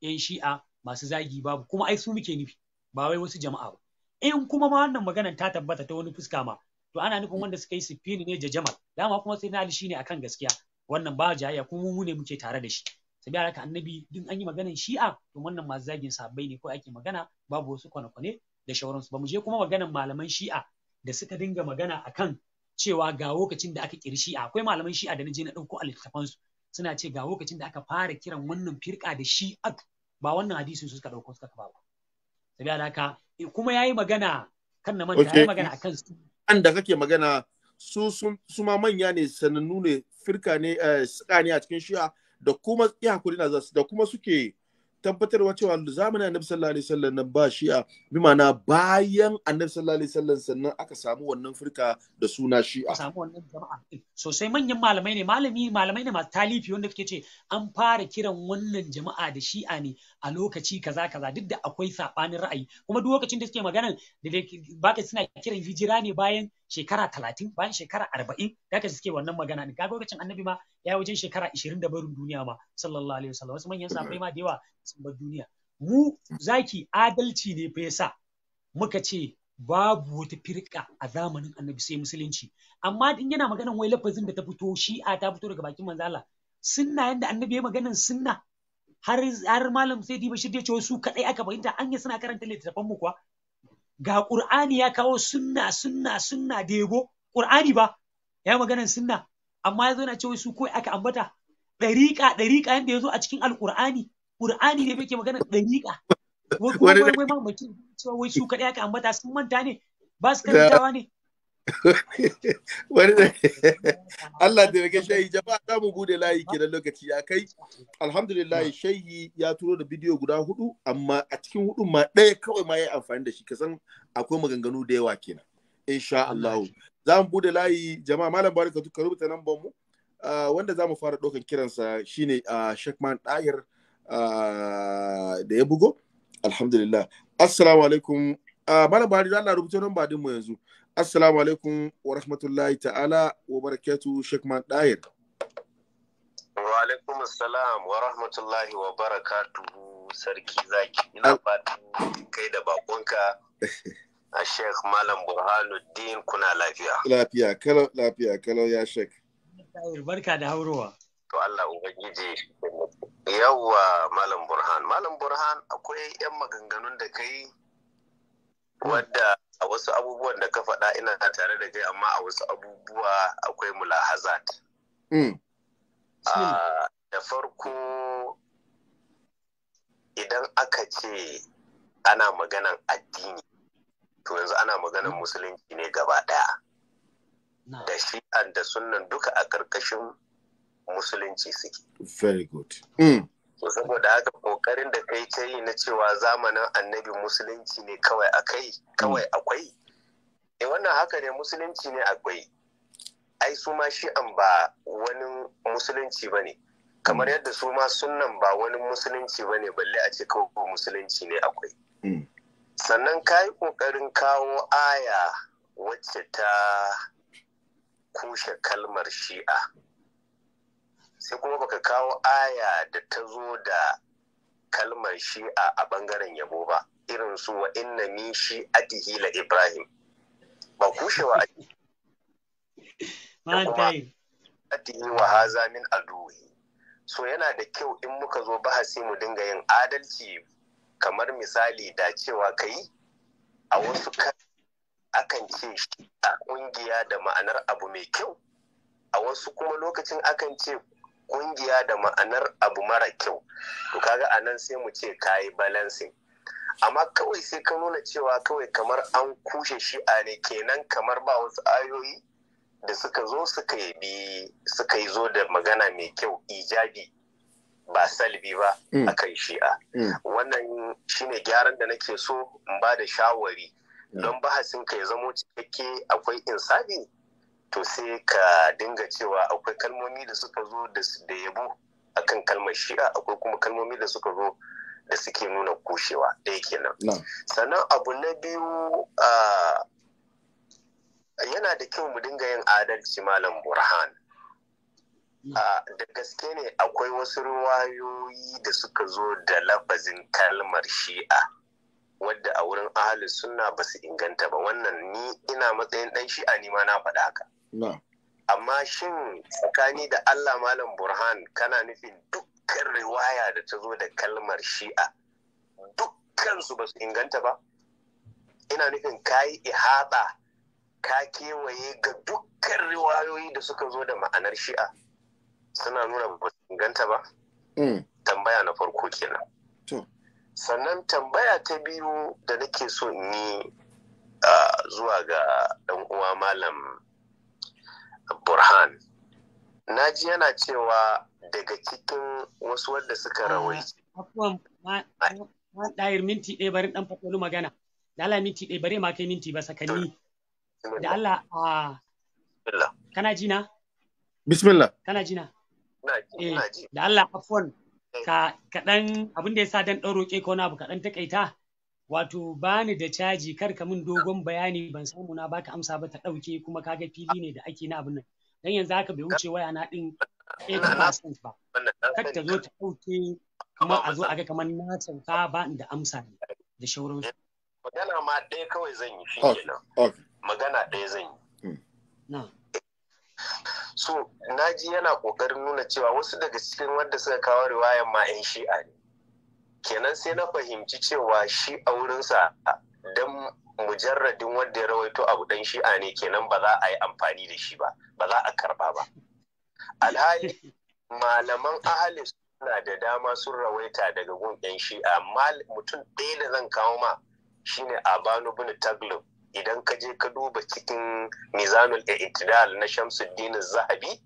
yan shi'a masu zagi babu kuma ai su muke nufi ba wai wasu jama'a ba in kuma ma wannan maganar ta tabbata ta wani fuska ma to ana nufin wanda suka yi sifini ne jamal dama kuma sai na ali ne akan gaskiya wannan ba jayayya kuma mu ne muke tare da shi sabi haka annabi din an yi maganar shi'a to wannan masu zagin sabbai ne ko ake magana babu wasu kwane-kwane da shauransu ba mu je kuma maganar malaman shi'a da suka dinga magana akan cewa ga lokacin da aka kirshi akwai malaman shi'a da je na ɗauko a littafansu suna ce ga lokacin da aka fara kiran wannan firka da shi'a ba wannan hadisin su suka ɗauko suka kafa ba sabiya da haka eh, kuma yayi magana kan na manta yayi magana akan su an da kake magana su su ma manya ne sanannu ne firka ne eh, suka a cikin shi'a da kuma iya hakuri na da kuma suke tabbatarwa cewa zamanin annabi sallallahu alaihi wasallam nan ba shi'a bi ma'ana bayan annabi sallallahu alaihi wasallam sannan aka samu wannan firka da suna shi'a samu wannan jama'a sosai manyan malamai ne malami malamai ne masu talifi wanda suke ce an fara kiran wannan jama'a da shi'a ne a lokaci kaza kaza duk da akwai sabanin ra'ayi kuma duk lokacin da suke magana da baka suna kiran hijira ne bayan shekara talatin bayan shekara arba'in da aka suke wannan magana ne kaga lokacin annabi ma ya yi wajen shekara ishirin da barin duniya ma sallallahu alaihi wasallam wasu manyan sahabbai ma da yawa sun bar duniya mu zaki adalci ne fa yasa muka ce babu wata firka a zamanin annabi sai musulunci amma in yana maganan wai lafazin da ta fito shi'a ta fito daga bakin manzo Allah sunna yanda annabi ya maganan sunna har har malam sai diba shirye ce su kadai aka fahimta an yi suna karanta littattafan mu kuwa ga ƙur'ani ya kawo sunna sunna sunna da yabo, ƙur'ani ba ya maganan sunna amma ya zo na cewa su kawai aka ambata ɗariƙa ɗariƙa yadda ya zo a cikin alƙur'ani ƙur'ani ne yake maganan ɗariƙa wai wai ma mutum cewa wai su kaɗai aka ambata sun manta ne ba su karantawa ne <laughs> Allah da shayi jama'a za mu bude layi kenan lokaci ya kai alhamdulillah shayi ya turo da bidiyo guda hudu amma a cikin hudu ma ɗaya kawai ma ya amfani da shi kasan akwai maganganu da yawa kenan insha Allah za mu bude layi jama'a malam bari ka rubuta namban mu ah, wanda za mu fara ɗaukan kiransa shine ah, Shekman Dayar ah, da ya bugo alhamdulillah assalamu alaikum malam Buhari Allah rubuta nan ba mu yanzu Assalamu alaikum wa rahmatullahi ta'ala wa barakatu Shekman Man Dair. Wa alaikum assalam wa rahmatullahi wa barakatu sarki zaki. Ina fatan kai da bakonka <laughs> a Sheikh Malam Burhanuddin kuna lafiya. Lafiya kalau lafiya kalau ya Sheikh. Barka da haurowa. To Allah Ubangiji. Yawwa Malam Burhan. Malam Burhan akwai 'yan maganganun da kai wadda a wasu abubuwan da ka faɗa ina tare da kai amma a wasu abubuwa akwai mulahazat. Mm. Ah, da farko idan aka ce ana maganan addini to yanzu ana maganan musulunci ne gaba ɗaya. Da shi shi'an da sunan duka a ƙarƙashin musulunci suke. Very good. Mm. to saboda haka kokarin da kai ta yi na cewa zamanin annabi musulunci ne kawai akai kawai akwai eh wannan haka ne musulunci ne akwai ai su ma shi'an ba wani musulunci ba ne kamar yadda su ma sunnan ba wani musulunci ba ne balle a ce kawai musulunci ne akwai mm. sannan ka yi ƙoƙarin kawo aya wacce ta kushe kalmar shi'a sai kuma baka kawo aya da ta zo da kalmar shi'a a bangaren yabo ba irin su wa inna min shi'atihi la ibrahim ba kushewa a atihi wa haza min aduhi so yana da kyau in muka zo bahasi mu dinga yin adalci kamar misali da cewa kai a wasu akan ce shi a kungiya da ma'anar abu mai kyau a wasu kuma lokacin akan ce ƙungiya da ma'anar abu mara kyau to kaga a nan sai mu ce kayi balancing amma kawai sai ka nuna cewa kawai kamar an kushe shi'a ne kenan kamar ba wasu ayoyi da suka zo suka yi suka yi zo da magana mai kyau ijabi ba salbi ba mm. a kan shi'a mm. wannan shine gyaran da nake so in ba da shawari mm. don bahasin ka ya zamo cikakke akwai insabi to sai ka dinga cewa akwai kalmomi da suka zo da yabo akan kalmar shi'a akwai kuma kalmomi da suka zo da suke nuna kushewa ɗaya kenan sannan abu na biyu yana da kyau mu dinga yin adalci malam burhan mm. da gaske ne akwai wasu ruwayoyi da suka zo da lafazin kalmar shi'a wadda a wurin ahalin suna ba su inganta ba wannan ni ina matsayin ɗan shi'a ni ma na faɗa haka Amma shin tsakani da Allah Malam Burhan kana nufin dukkan riwaya da ta zo da kalmar shi'a dukkansu ba su inganta ba? Ina nufin kayi ihaɗa ka kewaye ga dukkan riwayoyi da suka zo da ma'anar shi'a suna nuna ba su inganta ba? Mm. Tambaya na farko kenan. Sannan tambaya ta biyu da nake so ni ah, zuwa ga ɗan uwa malam burhan na ji yana cewa daga cikin wasu wadda suka ah, rawai ma ɗayar minti ɗaya bari ɗan faɗo magana da Allah minti ɗaya bari ma kai minti ba sakani da Allah a kana ji na bismillah kana ji na eh, da Allah afwan eh. ka kaɗan abin da ya sa dan ɗan roƙe ko na abu kaɗan takaita wato bani da caji kar ka min dogon bayani ban samu na baka amsa ba ta dauke kuma kaga fili ne da ake na abin nan dan yanzu haka bai wuce waya na din ba kar ta zo ta dauke kuma a zo a ga kamar na canka ba da amsa ne da su magana ma ɗaya kawai zan yi shi magana ɗaya zan yi hmm. so naji yana ƙoƙarin nuna cewa wasu daga cikin wanda suka kawo riwayan ma 'yan shi'a ne kenan sai na fahimci cewa shi a wurinsa don mujarradin wanda ya rawaito abu dan shi'a ne kenan ba za a yi amfani da shi ba ba za a karba ba alhali malaman ahali suna da dama sun rawaita daga gun yan shi'a mutum ɗaya da zan kawo ma shine abanu bin taglib idan ka je ka duba cikin mizanul i'tidal na shamsuddin zahabi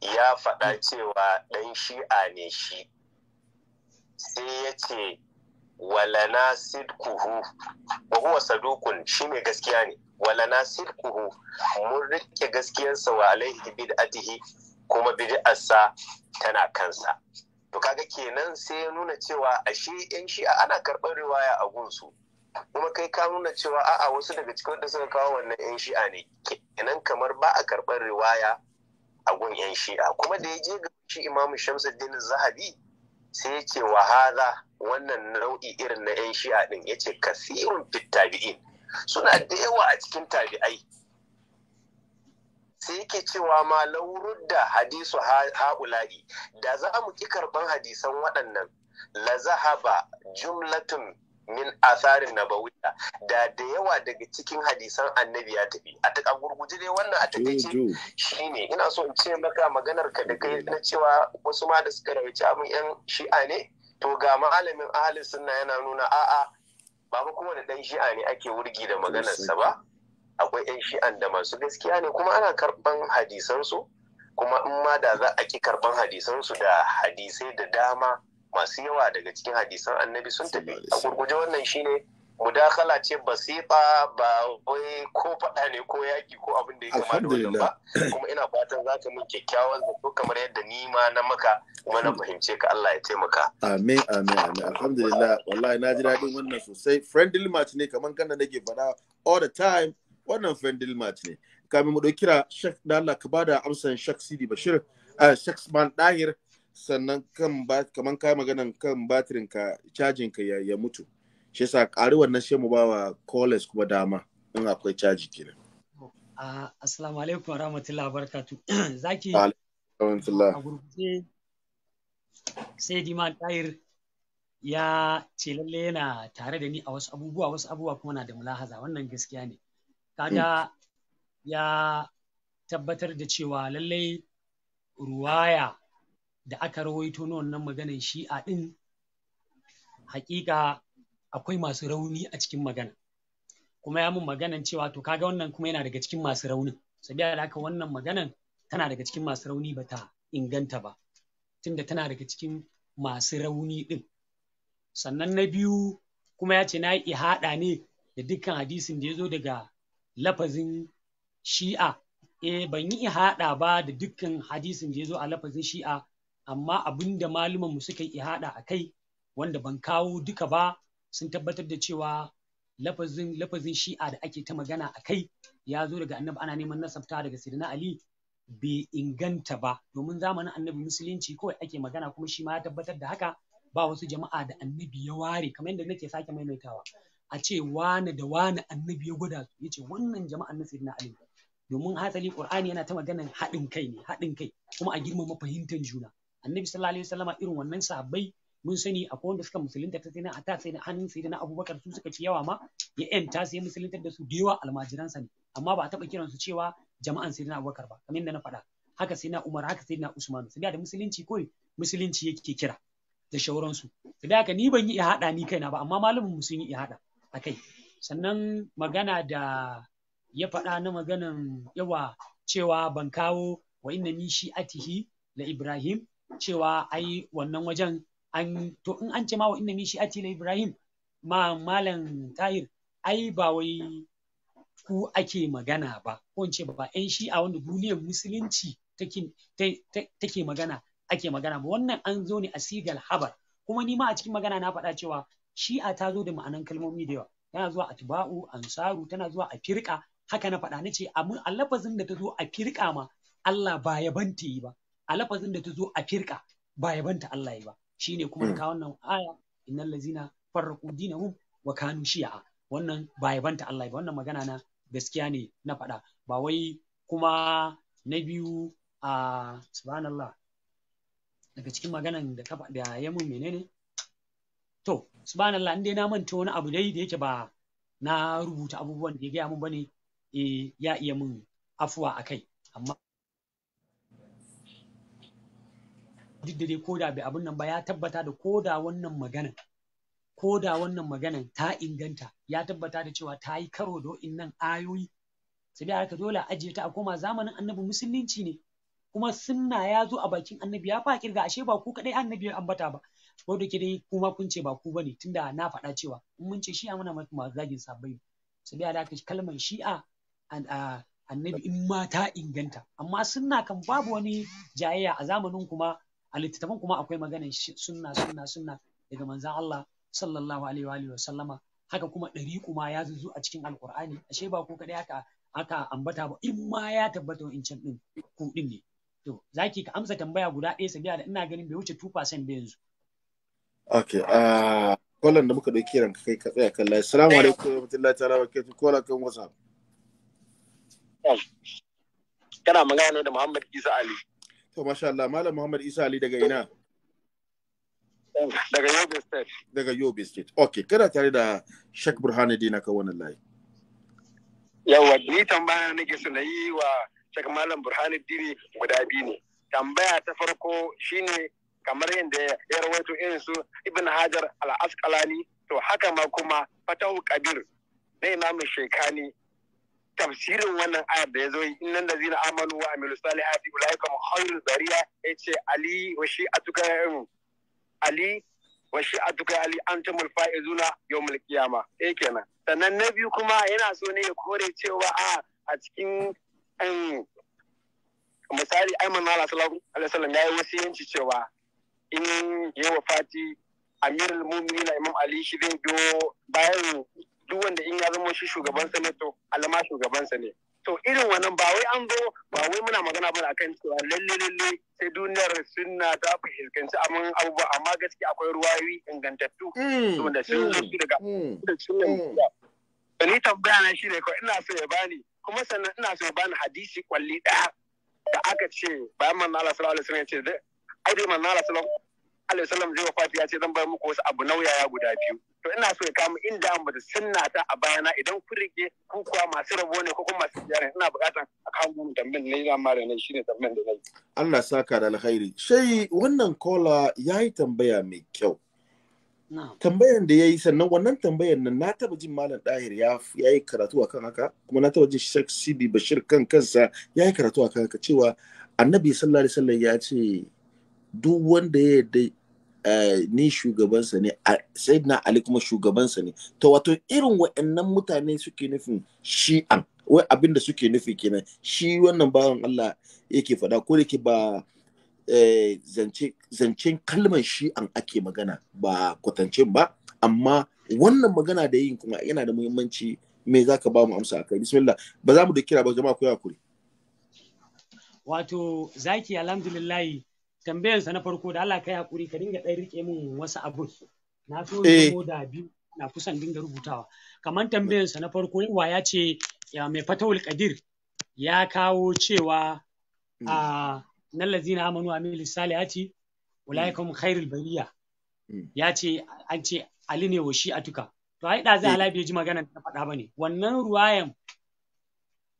ya faɗa cewa ɗan shi'a ne shi sai ya ce walana sidkuhu wa huwa sadukun shi mai gaskiya ne walana sidkuhu mun rike gaskiyarsa wa alaihi bid'atihi kuma bid'arsa tana kansa to kaga kenan sai ya nuna cewa ashe yan shi'a ana karɓar riwaya a gunsu kuma kai ka nuna cewa a'a wasu daga cikin wanda suka kawo wannan yan shi'a ne kenan kamar ba a karɓar riwaya a gun yan shi'a kuma da ya je ga shi imamu shamsuddin zahabi sai ya ce wa wannan nau'i irin na yan shi'a din ya ce kasirun fit tabi'in suna da yawa a cikin tabi'ai sai yake cewa ma da hadisu ha'ula'i da za mu ƙi karban hadisan waɗannan la zahaba jumlatun min asarin nabawiyya da da yawa daga cikin hadisan annabi ya tafi a ta gurguje dai wannan a takaice shine ina so in ce maka maganar ka da kai na cewa wasu ma da suka rawaci abin yan shi'a ne to ga malamin ahalin sunna yana nuna a'a ba kuma kowane dan shi'a ne ake wurgi da maganarsa ba akwai yan shi'an da masu gaskiya ne kuma ana karban hadisansu kuma in ma da za a ki karban hadisansu da hadisai da dama masu yawa daga cikin hadisan annabi sun tafi a gurguje wannan shine mudakala ce basita ba wai ko faɗa ne ko yaƙi ko abin da ya kamata wannan ba kuma ina fatan za ka min kyakkyawan zato kamar yadda ni ma na maka kuma na fahimce ka Allah ya taimaka amin amin amin alhamdulillah wallahi na ji daɗin wannan sosai friendly match ne kamar da nake faɗa all the time wannan friendly match ne kamin mu ɗauki kira Sheikh Dalla ka bada amsan Sheikh Sidi Bashir eh, Sheikh Man Dahir sannan kan kaman kai maganan kan batirin ka cajin ka ya mutu shi yasa ƙari wannan shi mu ba wa kuma dama in akwai caji kenan assalamu alaikum warahmatullahi wabarakatuh <clears throat> zaki sai dima tahir ya ce lalle yana tare da ni a wasu abubuwa wasu abubuwa kuma na da mulahaza wannan gaskiya ne kaga hmm. ya tabbatar da cewa lallai ruwaya da aka rawaito na wannan maganan shi'a ɗin hakika akwai masu rauni a cikin magana kuma ya mun maganan cewa to kaga wannan kuma yana daga cikin masu raunin sabiya da haka wannan maganan tana daga cikin masu rauni bata inganta ba tunda tana daga cikin masu rauni ɗin. sannan na biyu kuma ya ce na yi ihada ne da dukkan hadisin da ya zo daga lafazin shi'a eh ban yi ihaɗa ba da dukkan hadisin da ya zo a lafazin shi'a amma abin da maluman mu suka yi ihada a kai wanda ban kawo duka ba sun tabbatar da cewa lafazin lafazin shi'a da ake ta magana a kai ya zo daga annabi ana neman nasabta daga sirina ali bai inganta ba domin zamanin annabi musulunci kawai ake magana kuma shi ma ya tabbatar da haka ba wasu jama'a da annabi ya ware kamar yadda nake sake maimaitawa a ce wane da wane annabi ya gwada su yace wannan jama'an na sirina ali domin hasali qur'ani yana ta maganan haɗin kai ne haɗin kai kuma a girmama fahimtar juna annabi sallallahu alaihi wasallama irin wannan sahabbai mun sani akwai wanda suka musulunta ta sayyidina ata sayyidina hannun sayyidina abubakar su suka ci yawa ma ya yanta sai musulunta da su da yawa sa ne amma ba a taba kiransu cewa jama'an sayyidina abubakar ba kamar yadda na faɗa haka sayyidina umar haka sayyidina usman su da musulunci kawai musulunci yake kira da shauransu su da haka ni ban yi ihada ni kaina ba amma malamin mu sun yi ihada akai sannan magana da ya faɗa na maganan yawa cewa ban kawo wa inna ni atihi la ibrahim cewa ai wannan wajen an to in an ce ma wa inna shi shi'ati la ibrahim ma malam tahir ai ba wai ku ake magana ba ko in ce ba yan shi'a wanda duniyar musulunci take magana ake magana ba wannan an zo ne a sigal habar kuma ni ma a cikin magana na faɗa cewa shi'a ta zo da ma'anan kalmomi da yawa tana zuwa a tuba'u ansaru tana zuwa a firka haka na faɗa nace ce a lafazin da ta zo a firka ma Allah ba ya bante yi ba a lafazin da ta zo a firka ba ya banta Allah ya ba Shi ne kuma hmm. ka wannan aya innal lazina farraqu dinahum wa kanu shi'a wannan ba ya banta Allah ya ba wannan magana na gaskiya ne na faɗa ba wai kuma na biyu a subhanallah daga cikin maganan da ka da ya mun menene to subhanallah in dai na manta wani abu dai da yake ba na rubuta abubuwan da ya gaya mun bane eh ya iya mun afuwa akai amma duk da dai koda bai abin nan ba ya tabbata da koda wannan maganan koda wannan maganan ta inganta ya tabbata da cewa ta yi karo da wa'innan ayoyi sabi haka dole ajiye ta a koma zamanin annabi musulunci ne kuma sunna ya zo a bakin annabi ya fa kirga ashe ba ku kadai annabi ya ambata ba ko da ke dai kuma kun ce ba ku bane tunda na faɗa cewa in mun ce shi'a muna mata zagin sabbai sabi haka kalmar shi'a annabi in ma ta inganta amma sunna kan babu wani jayayya a zamanin kuma a littattafan kuma akwai magana sunna sunna sunna daga manzan Allah sallallahu alaihi wa sallama haka kuma ɗari kuma ya zuzu a cikin alkur'ani ashe ba ko kaɗai haka aka ambata ba in ma ya tabbata in can ɗin ku ɗin ne to zaki ka amsa tambaya guda ɗaya sabiya da ina ganin bai wuce 2% ba yanzu okay uh... kwallon da muka ɗauki ranka kai ka tsaya kallai salamu alaikum wa rahmatullahi ta'ala wa kyautu kola kan whatsapp kana magana ne da muhammad isa ali To masha Allah Malam Muhammad Isa Ali daga ina? Daga Yobe State. Daga Yobe State. Okay, kada tare da Sheikh Burhanuddin aka wannan layi. Yawwa, ni tambaya nake so na yi wa Sheikh Malam Burhanuddin guda biyu ne. Tambaya ta farko shine kamar yadda ya rawaito irin su Ibn Hajar al-Asqalani to haka ma kuma Fatahu Kabir na Imam Shekani tafsirin wannan ayar da ya zo innan da zina amanu wa amilu salihati ulaika zariya bariya yace ali wa shi shi'atuka ali wa shi shi'atuka ali antumul faizuna yawmul qiyama eh kenan sannan na biyu kuma yana so ne ya kore cewa a a cikin misali aiman na sallallahu alaihi wasallam yayi wasiyanci cewa in yi wa fati amirul mu'minin imam ali shi zai biyo bayan duk wanda in ya zama shi shugaban sa ne to alama shugaban sa ne to irin wannan ba wai an zo ba wai muna magana bane akan cewa lalle lalle sai duniyar sunna ta fuskanci amma abubuwa amma gaskiya akwai ruwayoyi ingantattu mm, wanda sun zo mm, daga mm, da da ni tambaya na ne ko ina so ya bani kuma sannan ina so ya bani hadisi kwalli da aka ce bayan manzo Allah sallallahu alaihi wasallam ya ce da ai dai manzo Allah sallallahu alaihi wasallam zai wafati ya ce zan bar muku wasu abu nauyaya guda biyu to ina so ya kama inda an bata sunna ta a bayana idan ku rike ku kuwa masu rabo ne ko kuma masu ziyara ina bukatan a kawo mun tambayin ne ina mare ne shine tambayin da nayi Allah saka da alkhairi shai wannan kola yayi tambaya mai kyau tambayan da ya yi sannan wannan tambayan nan na taba jin malam dahir ya yi karatu a kan haka kuma na taba jin shek sidi bashir kan kansa ya yi karatu a kan haka cewa annabi sallallahu alaihi wasallam ya ce duk wanda ya yarda eh, ni shugabansa ne sai na ali kuma shugabansa ne to wato irin wa'annan mutane suke nufin shi'an wai abin da suke nufi kenan shi wannan bawan Allah yake faɗa ko da ke ba eh, zancen kalmar shi'an ake magana ba kwatancin ba amma wannan magana da yin kuma yana da muhimmanci me za ka ba mu amsa akai bismillah ba za mu da kira ba jama'a ku ya kuri. wato zaki alhamdulillahi sa na farko da Allah kai hakuri ka dinga dan rike min wasu abun na so eh. da bi na kusan dinga rubutawa kamar tambayarsa na farko wa ya ce mai fatawul qadir ya kawo cewa hmm. a nan lazina amanu amil salihati ulaikum khairul bariya hmm. ya ce an ce ali ne wa shi atuka to ai da zai halabi eh. ji magana da faɗa bane wannan ruwayan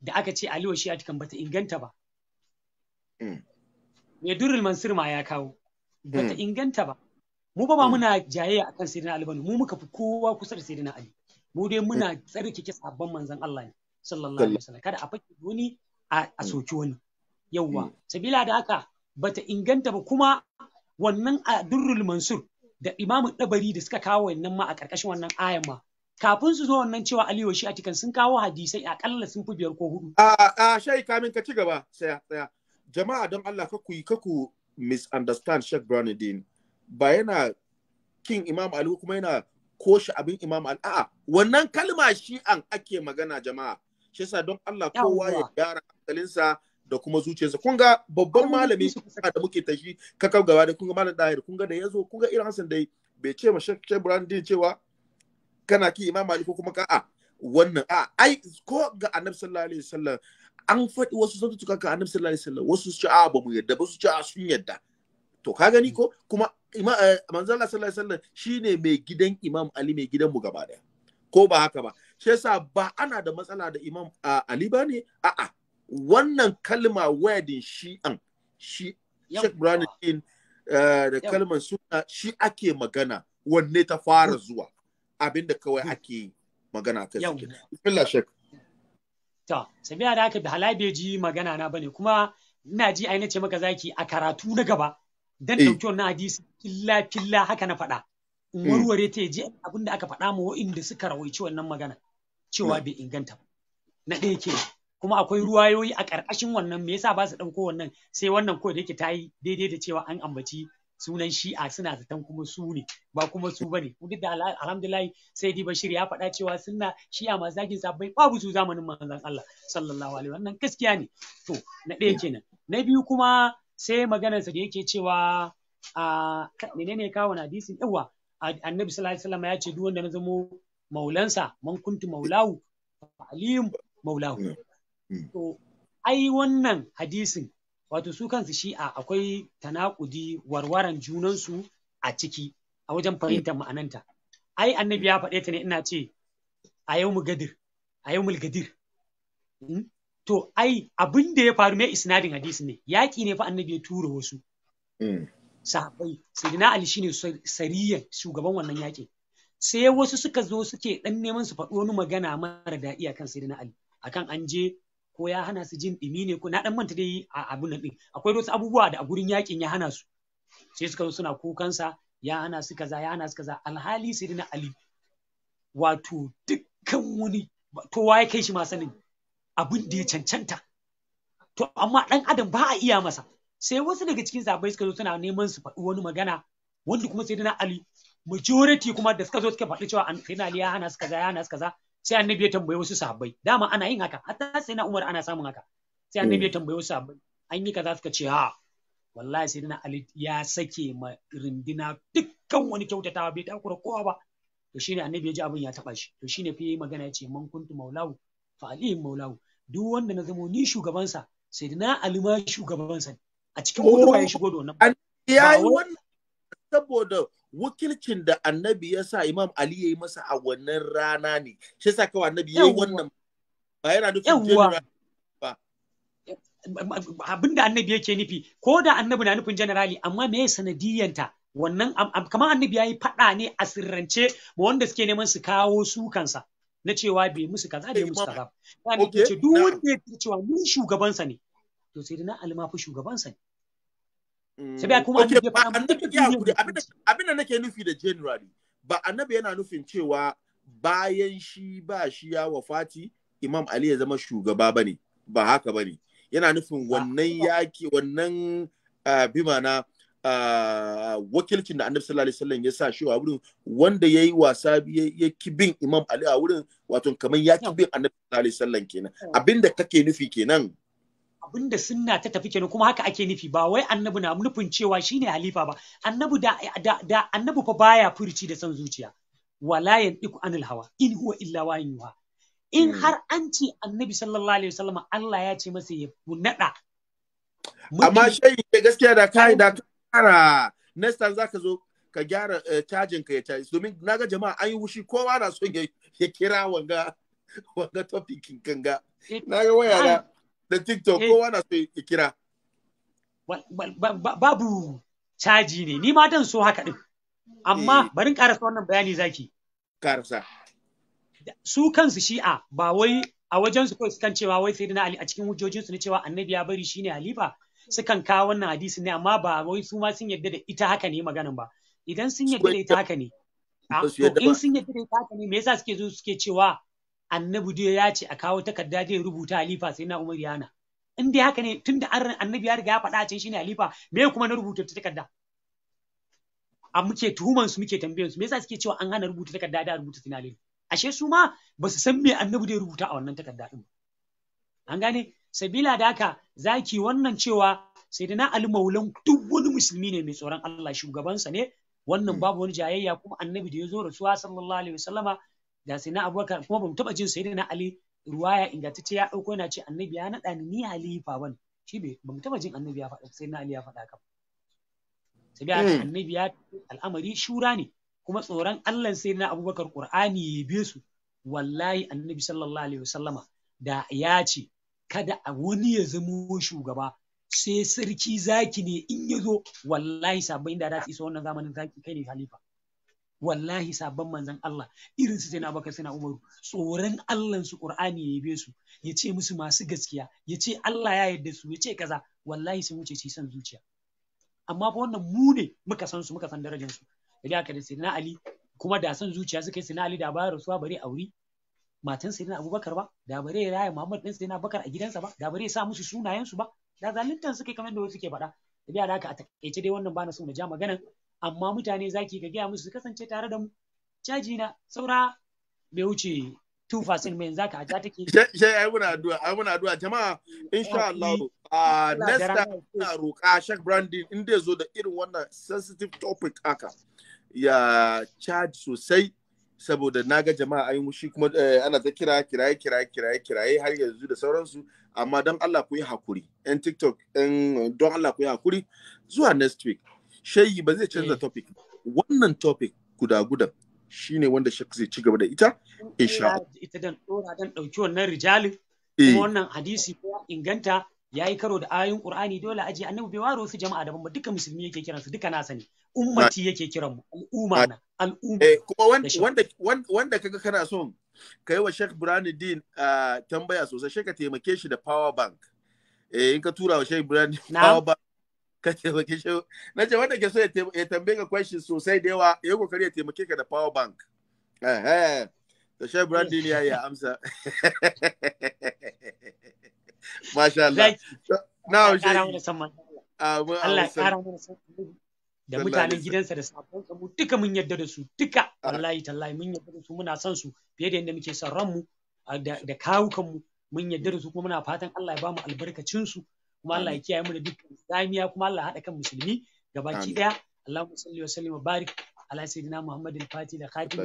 da aka ce ali wa shi atukan bata inganta ba hmm. mai durul mansur ma ya kawo bata eh. inganta ba mu ba eh. muna jayayya akan sayyidina ali bane mu muka fi kowa kusa da sayyidina ali mu dai muna eh. tsarkake sabon manzon Allah ne sallallahu alaihi wasallam kada a fake wani a soki wani yawwa sabila da haka bata inganta ba kuma wannan a durul mansur da imamu dabari da suka kawo wannan ma a karkashin wannan ayan ma kafin su zo wannan cewa ali aliyu shi cikin sun kawo hadisai akalla sun fi biyar ko hudu a a shai ka ci gaba tsaya tsaya jama'a don Allah ka ku yi kaku misunderstand Sheikh Bernardine ba yana kin Imam Ali kuma yana koshi abin Imam Ali a'a wannan kalma shi an ake magana jama'a shi yasa don Allah kowa ya gyara hankalinsa da kuma zuciyarsa kun ga babban malami da muke tashi kakau gaba da kun ga malam Dahir kun ga da yazo kun ga irin hasan dai bai ce ma Sheikh Bernardine cewa kana ki Imam Ali ko kuma ka a'a wannan a ai ko ga annabi sallallahu alaihi wasallam an faɗi wasu sun tuka kan annabi sallallahu alaihi wasallam wasu su ci a ah, ba mu yadda ba su ci a ah, sun yadda to ka gani ko kuma eh, manzo Allah sallallahu alaihi wasallam shine mai gidan Imam Ali mai gidan mu gaba daya ko ba haka ba shi yasa ba ana da matsala da Imam Ali ba ne a'a wannan kalma wedding shi'an shi Sheikh Burhanuddin eh, da kalmar suna shi ake magana wanne ta fara zuwa abinda kawai ake magana kai bismillah Sheikh To, sabiya da aka hala bai ji magana na bane kuma ina ji ai nace maka zaki a karatu na gaba dan dauki eh. wannan hadisi illa filla haka na faɗa. In eh. warware ta ji abin da aka faɗa mu wa'inda suka rawaici wannan magana cewa eh. bai inganta ba. Na ɗaya ke kuma akwai ruwayoyi a ƙarƙashin wannan me yasa ba su ɗauko wannan sai wannan ko da yake ta yi daidai da cewa an ambaci sunan shi'a suna zaton kuma su ne ba kuma su bane duk da alhamdulillah sai di bashir ya faɗa cewa sunna shi'a ma sa, sabbai babu su zamanin manzon Allah sallallahu alaihi wannan gaskiya ne to na ɗaya kenan na biyu kuma sai maganarsa da yake cewa a menene kawo na hadisin yawa annabi sallallahu alaihi wasallam ya ce duk wanda na zamo maulansa man kuntu maulahu alim maulahu mm. Mm. to ai wannan hadisin wato su kansu shi'a akwai tanakudi warwaran junansu a ciki a wajen fahimtar ma'ananta ai annabi ya faɗe ta ne ina ce a yau mu gadir a yau gadir hmm? to ai abin da ya faru mai isnadin hadisi ne yaƙi ne fa annabi ya tura wasu hmm. Sahabai, sayyidina ali ne sariyan shugaban wannan yaƙi sai wasu suka zo suke ɗan neman su faɗi wani magana mara daɗi akan sayyidina ali akan an je ko ya hana su jin ɗumi ne ko na ɗan manta dai a abun nan ɗin akwai wasu abubuwa da a gurin yakin ya hana su sai suka zo suna kukansa ya hana su kaza ya hana su kaza alhali sai na ali wato dukkan wani to ya kai shi ma sanin abin da ya cancanta to amma ɗan adam ba a iya masa sai wasu daga cikin sabai suka zo suna neman su faɗi wani magana wanda kuma sai na ali majority kuma da suka zo suka faɗi cewa sai na ali ya hana su kaza ya hana su kaza sai annabi ya tambaye wasu sahabbai dama ana yin haka hatta sai na Umar ana samun haka sai annabi ya mm. tambaye wasu sahabbai an yi kaza suka ce ha wallahi sai na Ali ya sake ma rindina dukkan wani kyautatawa bai takura kowa ba to shine annabi ya ji abin ya taba shi to shine fi magana ya ce man kuntu maulahu fa ali maulahu duk wanda na zamo ni shugabansa sai na Ali ma shugabansa a cikin gudu ya oh. shigo da wannan ya yi wannan saboda wakilcin da annabi ya sa imam ali ya yi masa a wannan rana ne shi sa kawai annabi ya yi wannan ba yana nufin ba abin da annabi yake nufi ko da annabi na nufin generali amma me sanadiyanta wannan kamar annabi ya yi faɗa ne a sirrance ma wanda suke neman su kawo su kansa na cewa bai musu kaza bai musu kaza ya ce duk wanda ya cewa ni shugabansa ne to sai dai na fi shugabansa ne Mm. Sai ba kuma annabi ya fara abinda abinda nake nufi da January ba annabi yana nufin cewa bayan shi ba shi ya wafati Imam Ali ya zama shugaba bane ba haka bane yana nufin wannan yaki wannan bima na wakilcin da annabi sallallahu alaihi wasallam ya sa shi a wurin wanda yayi wasa ya kibin Imam Ali a wurin wato kamar ya kibin annabi sallallahu alaihi wasallam kenan abinda kake nufi kenan abinda sunna ta tafi kenan kuma haka ake nufi ba wai annabi na nufin cewa shine halifa ba annabi da, da, da annabi fa baya furici da san zuciya wala yandiku anil hawa in huwa illa wahyun yuha in hmm. har an ce annabi sallallahu alaihi wasallam Allah ya ce masa ya nada amma ke eh, gaskiya da kai da kara next time zaka zo ka gyara eh, cajin ka ya caji domin naga jama'a an yi wushi kowa na so ya kira wanga wanga topic kanga eh, naga waya da TikTok eh. kowa na su ya kira. Babu caji ne, ni ma dan so haka din. Amma eh. barin karasa wannan bayani zaki. Karasa. Su kansu shi'a ba wai a wajen su kawai sukan cewa wai sai Ali a cikin hujjojinsu na cewa annabi ya bari shine halifa sukan kawo wannan hadisi ne amma ba wai su ma sun yadda da ita haka ne maganan ba. Idan sun yadda da ita haka ne. In sun yadda da ita haka ne me yasa suke zo suke cewa annabi dai ya ce a kawo takarda zai rubuta halifa sai na umar yana in dai haka ne tunda an annabi ya riga ya faɗa cin shi ne halifa me kuma na rubuta ta takarda a muke tuhuman su muke tambayan su me yasa suke cewa an hana rubuta takarda da rubuta tunanin? ashe su ma ba su san me annabi zai rubuta a wannan takarda din an gane sabila da haka zaki wannan cewa sai da na almaulan duk wani musulmi ne mai tsoron Allah shugabansa ne wannan hmm. babu wani jayayya kuma annabi da ya zo rasuwa sallallahu alaihi wasallama da sai na abubakar kuma bamu taba jin sayyidina na ali ruwaya ingantacce ya dauko yana ce annabi ya naɗa ni ni halifa ban shi be bamu taba jin annabi ya faɗa sai na ali ya faɗa ka sai eh. annabi ya al'amari shura ne kuma tsoron Allah sai na abubakar qur'ani ya be su wallahi annabi sallallahu alaihi wasallama da ya ce kada a wani ya zamo shugaba sai sarki zaki ne in ya zo wallahi sabbin da da isa wannan zamanin zaki kai ne halifa wallahi sabon manzan Allah irin su na Abubakar na Umaru tsoron Allah su Qur'ani ya yabe su ya ce musu masu gaskiya ya ce Allah ya yarda su ya ce kaza wallahi sun wuce ci san zuciya amma fa wannan mu ne muka san su muka san darajar su idan aka da Sayyidina Ali kuma da san zuciya suka yi Sayyidina Ali da ba rasuwa bare aure matan Sayyidina Abubakar ba da bare ya raya Muhammad din Sayyidina Abubakar a gidansa ba da bare ya sa musu sunayen su ba da zaluntan suke kamar da wasu suke faɗa da aka a ce dai wannan ba na so na ja maganan amma mutane zaki ka gaya musu su kasance tare da mu caji na saura bai wuce fasin mai zaka aja ke? sai ai muna addu'a ai muna addu'a jama'a insha Allah uh, a next na roƙa shek, Brandon in dai zo da irin wannan sensitive topic haka ya charge sosai saboda na ga jama'a ai mushi kuma eh, ana ta kira kiraye kiraye kiraye kiraye har yanzu da sauransu amma don Allah ku yi hakuri yan TikTok don Allah ku yi hakuri zuwa next week shayi ba zai canza eh. topic wannan topic guda gudan ne wanda shi zai ci gaba da ita insha ita dan dora dan dauki wannan rijalin eh. kuma wannan hadisi ko inganta yayi karo da ayoyin qur'ani dole aje annabi bai waro su jama'a daban ba duka musulmi yake kiran su duka na sani ummati yake kiran mu al'umma na al'umma eh kuma wanda wanda wanda kaga kana son kai wa Sheikh Burhanuddin ah, tambaya sosai sheka ka taimake shi da power bank eh in ka tura wa Sheikh Burhanuddin power bank ka taimake shi na ce wanda ke so ya tambaye ka question sosai da yawa ya kokari ya taimake ka da power bank da shai brandin ya yi amsa <laughs> masha Allah na wuce Allah ya kara mana da mutanen gidansa da sabon mu duka mun yadda da su duka ah. wallahi tallahi mun yadda da su muna son su fiye da yadda muke son ranmu da kawukan mu mun yadda da su kuma muna fatan Allah ya mu albarkacin su kuma Allah ya kiyaye mu da dukkan zamiya kuma Allah haɗa kan musulmi gabaki daya Allahumma salli wa sallim wa barik ala muhammad al Fati da Khatim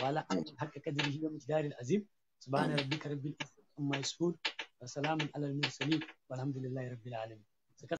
wa ala alihi haqqa qadrihi wa miqdaril azim subhana rabbika rabbil izzati amma yasifun wa salamun alal mursalin walhamdulillahi rabbil alamin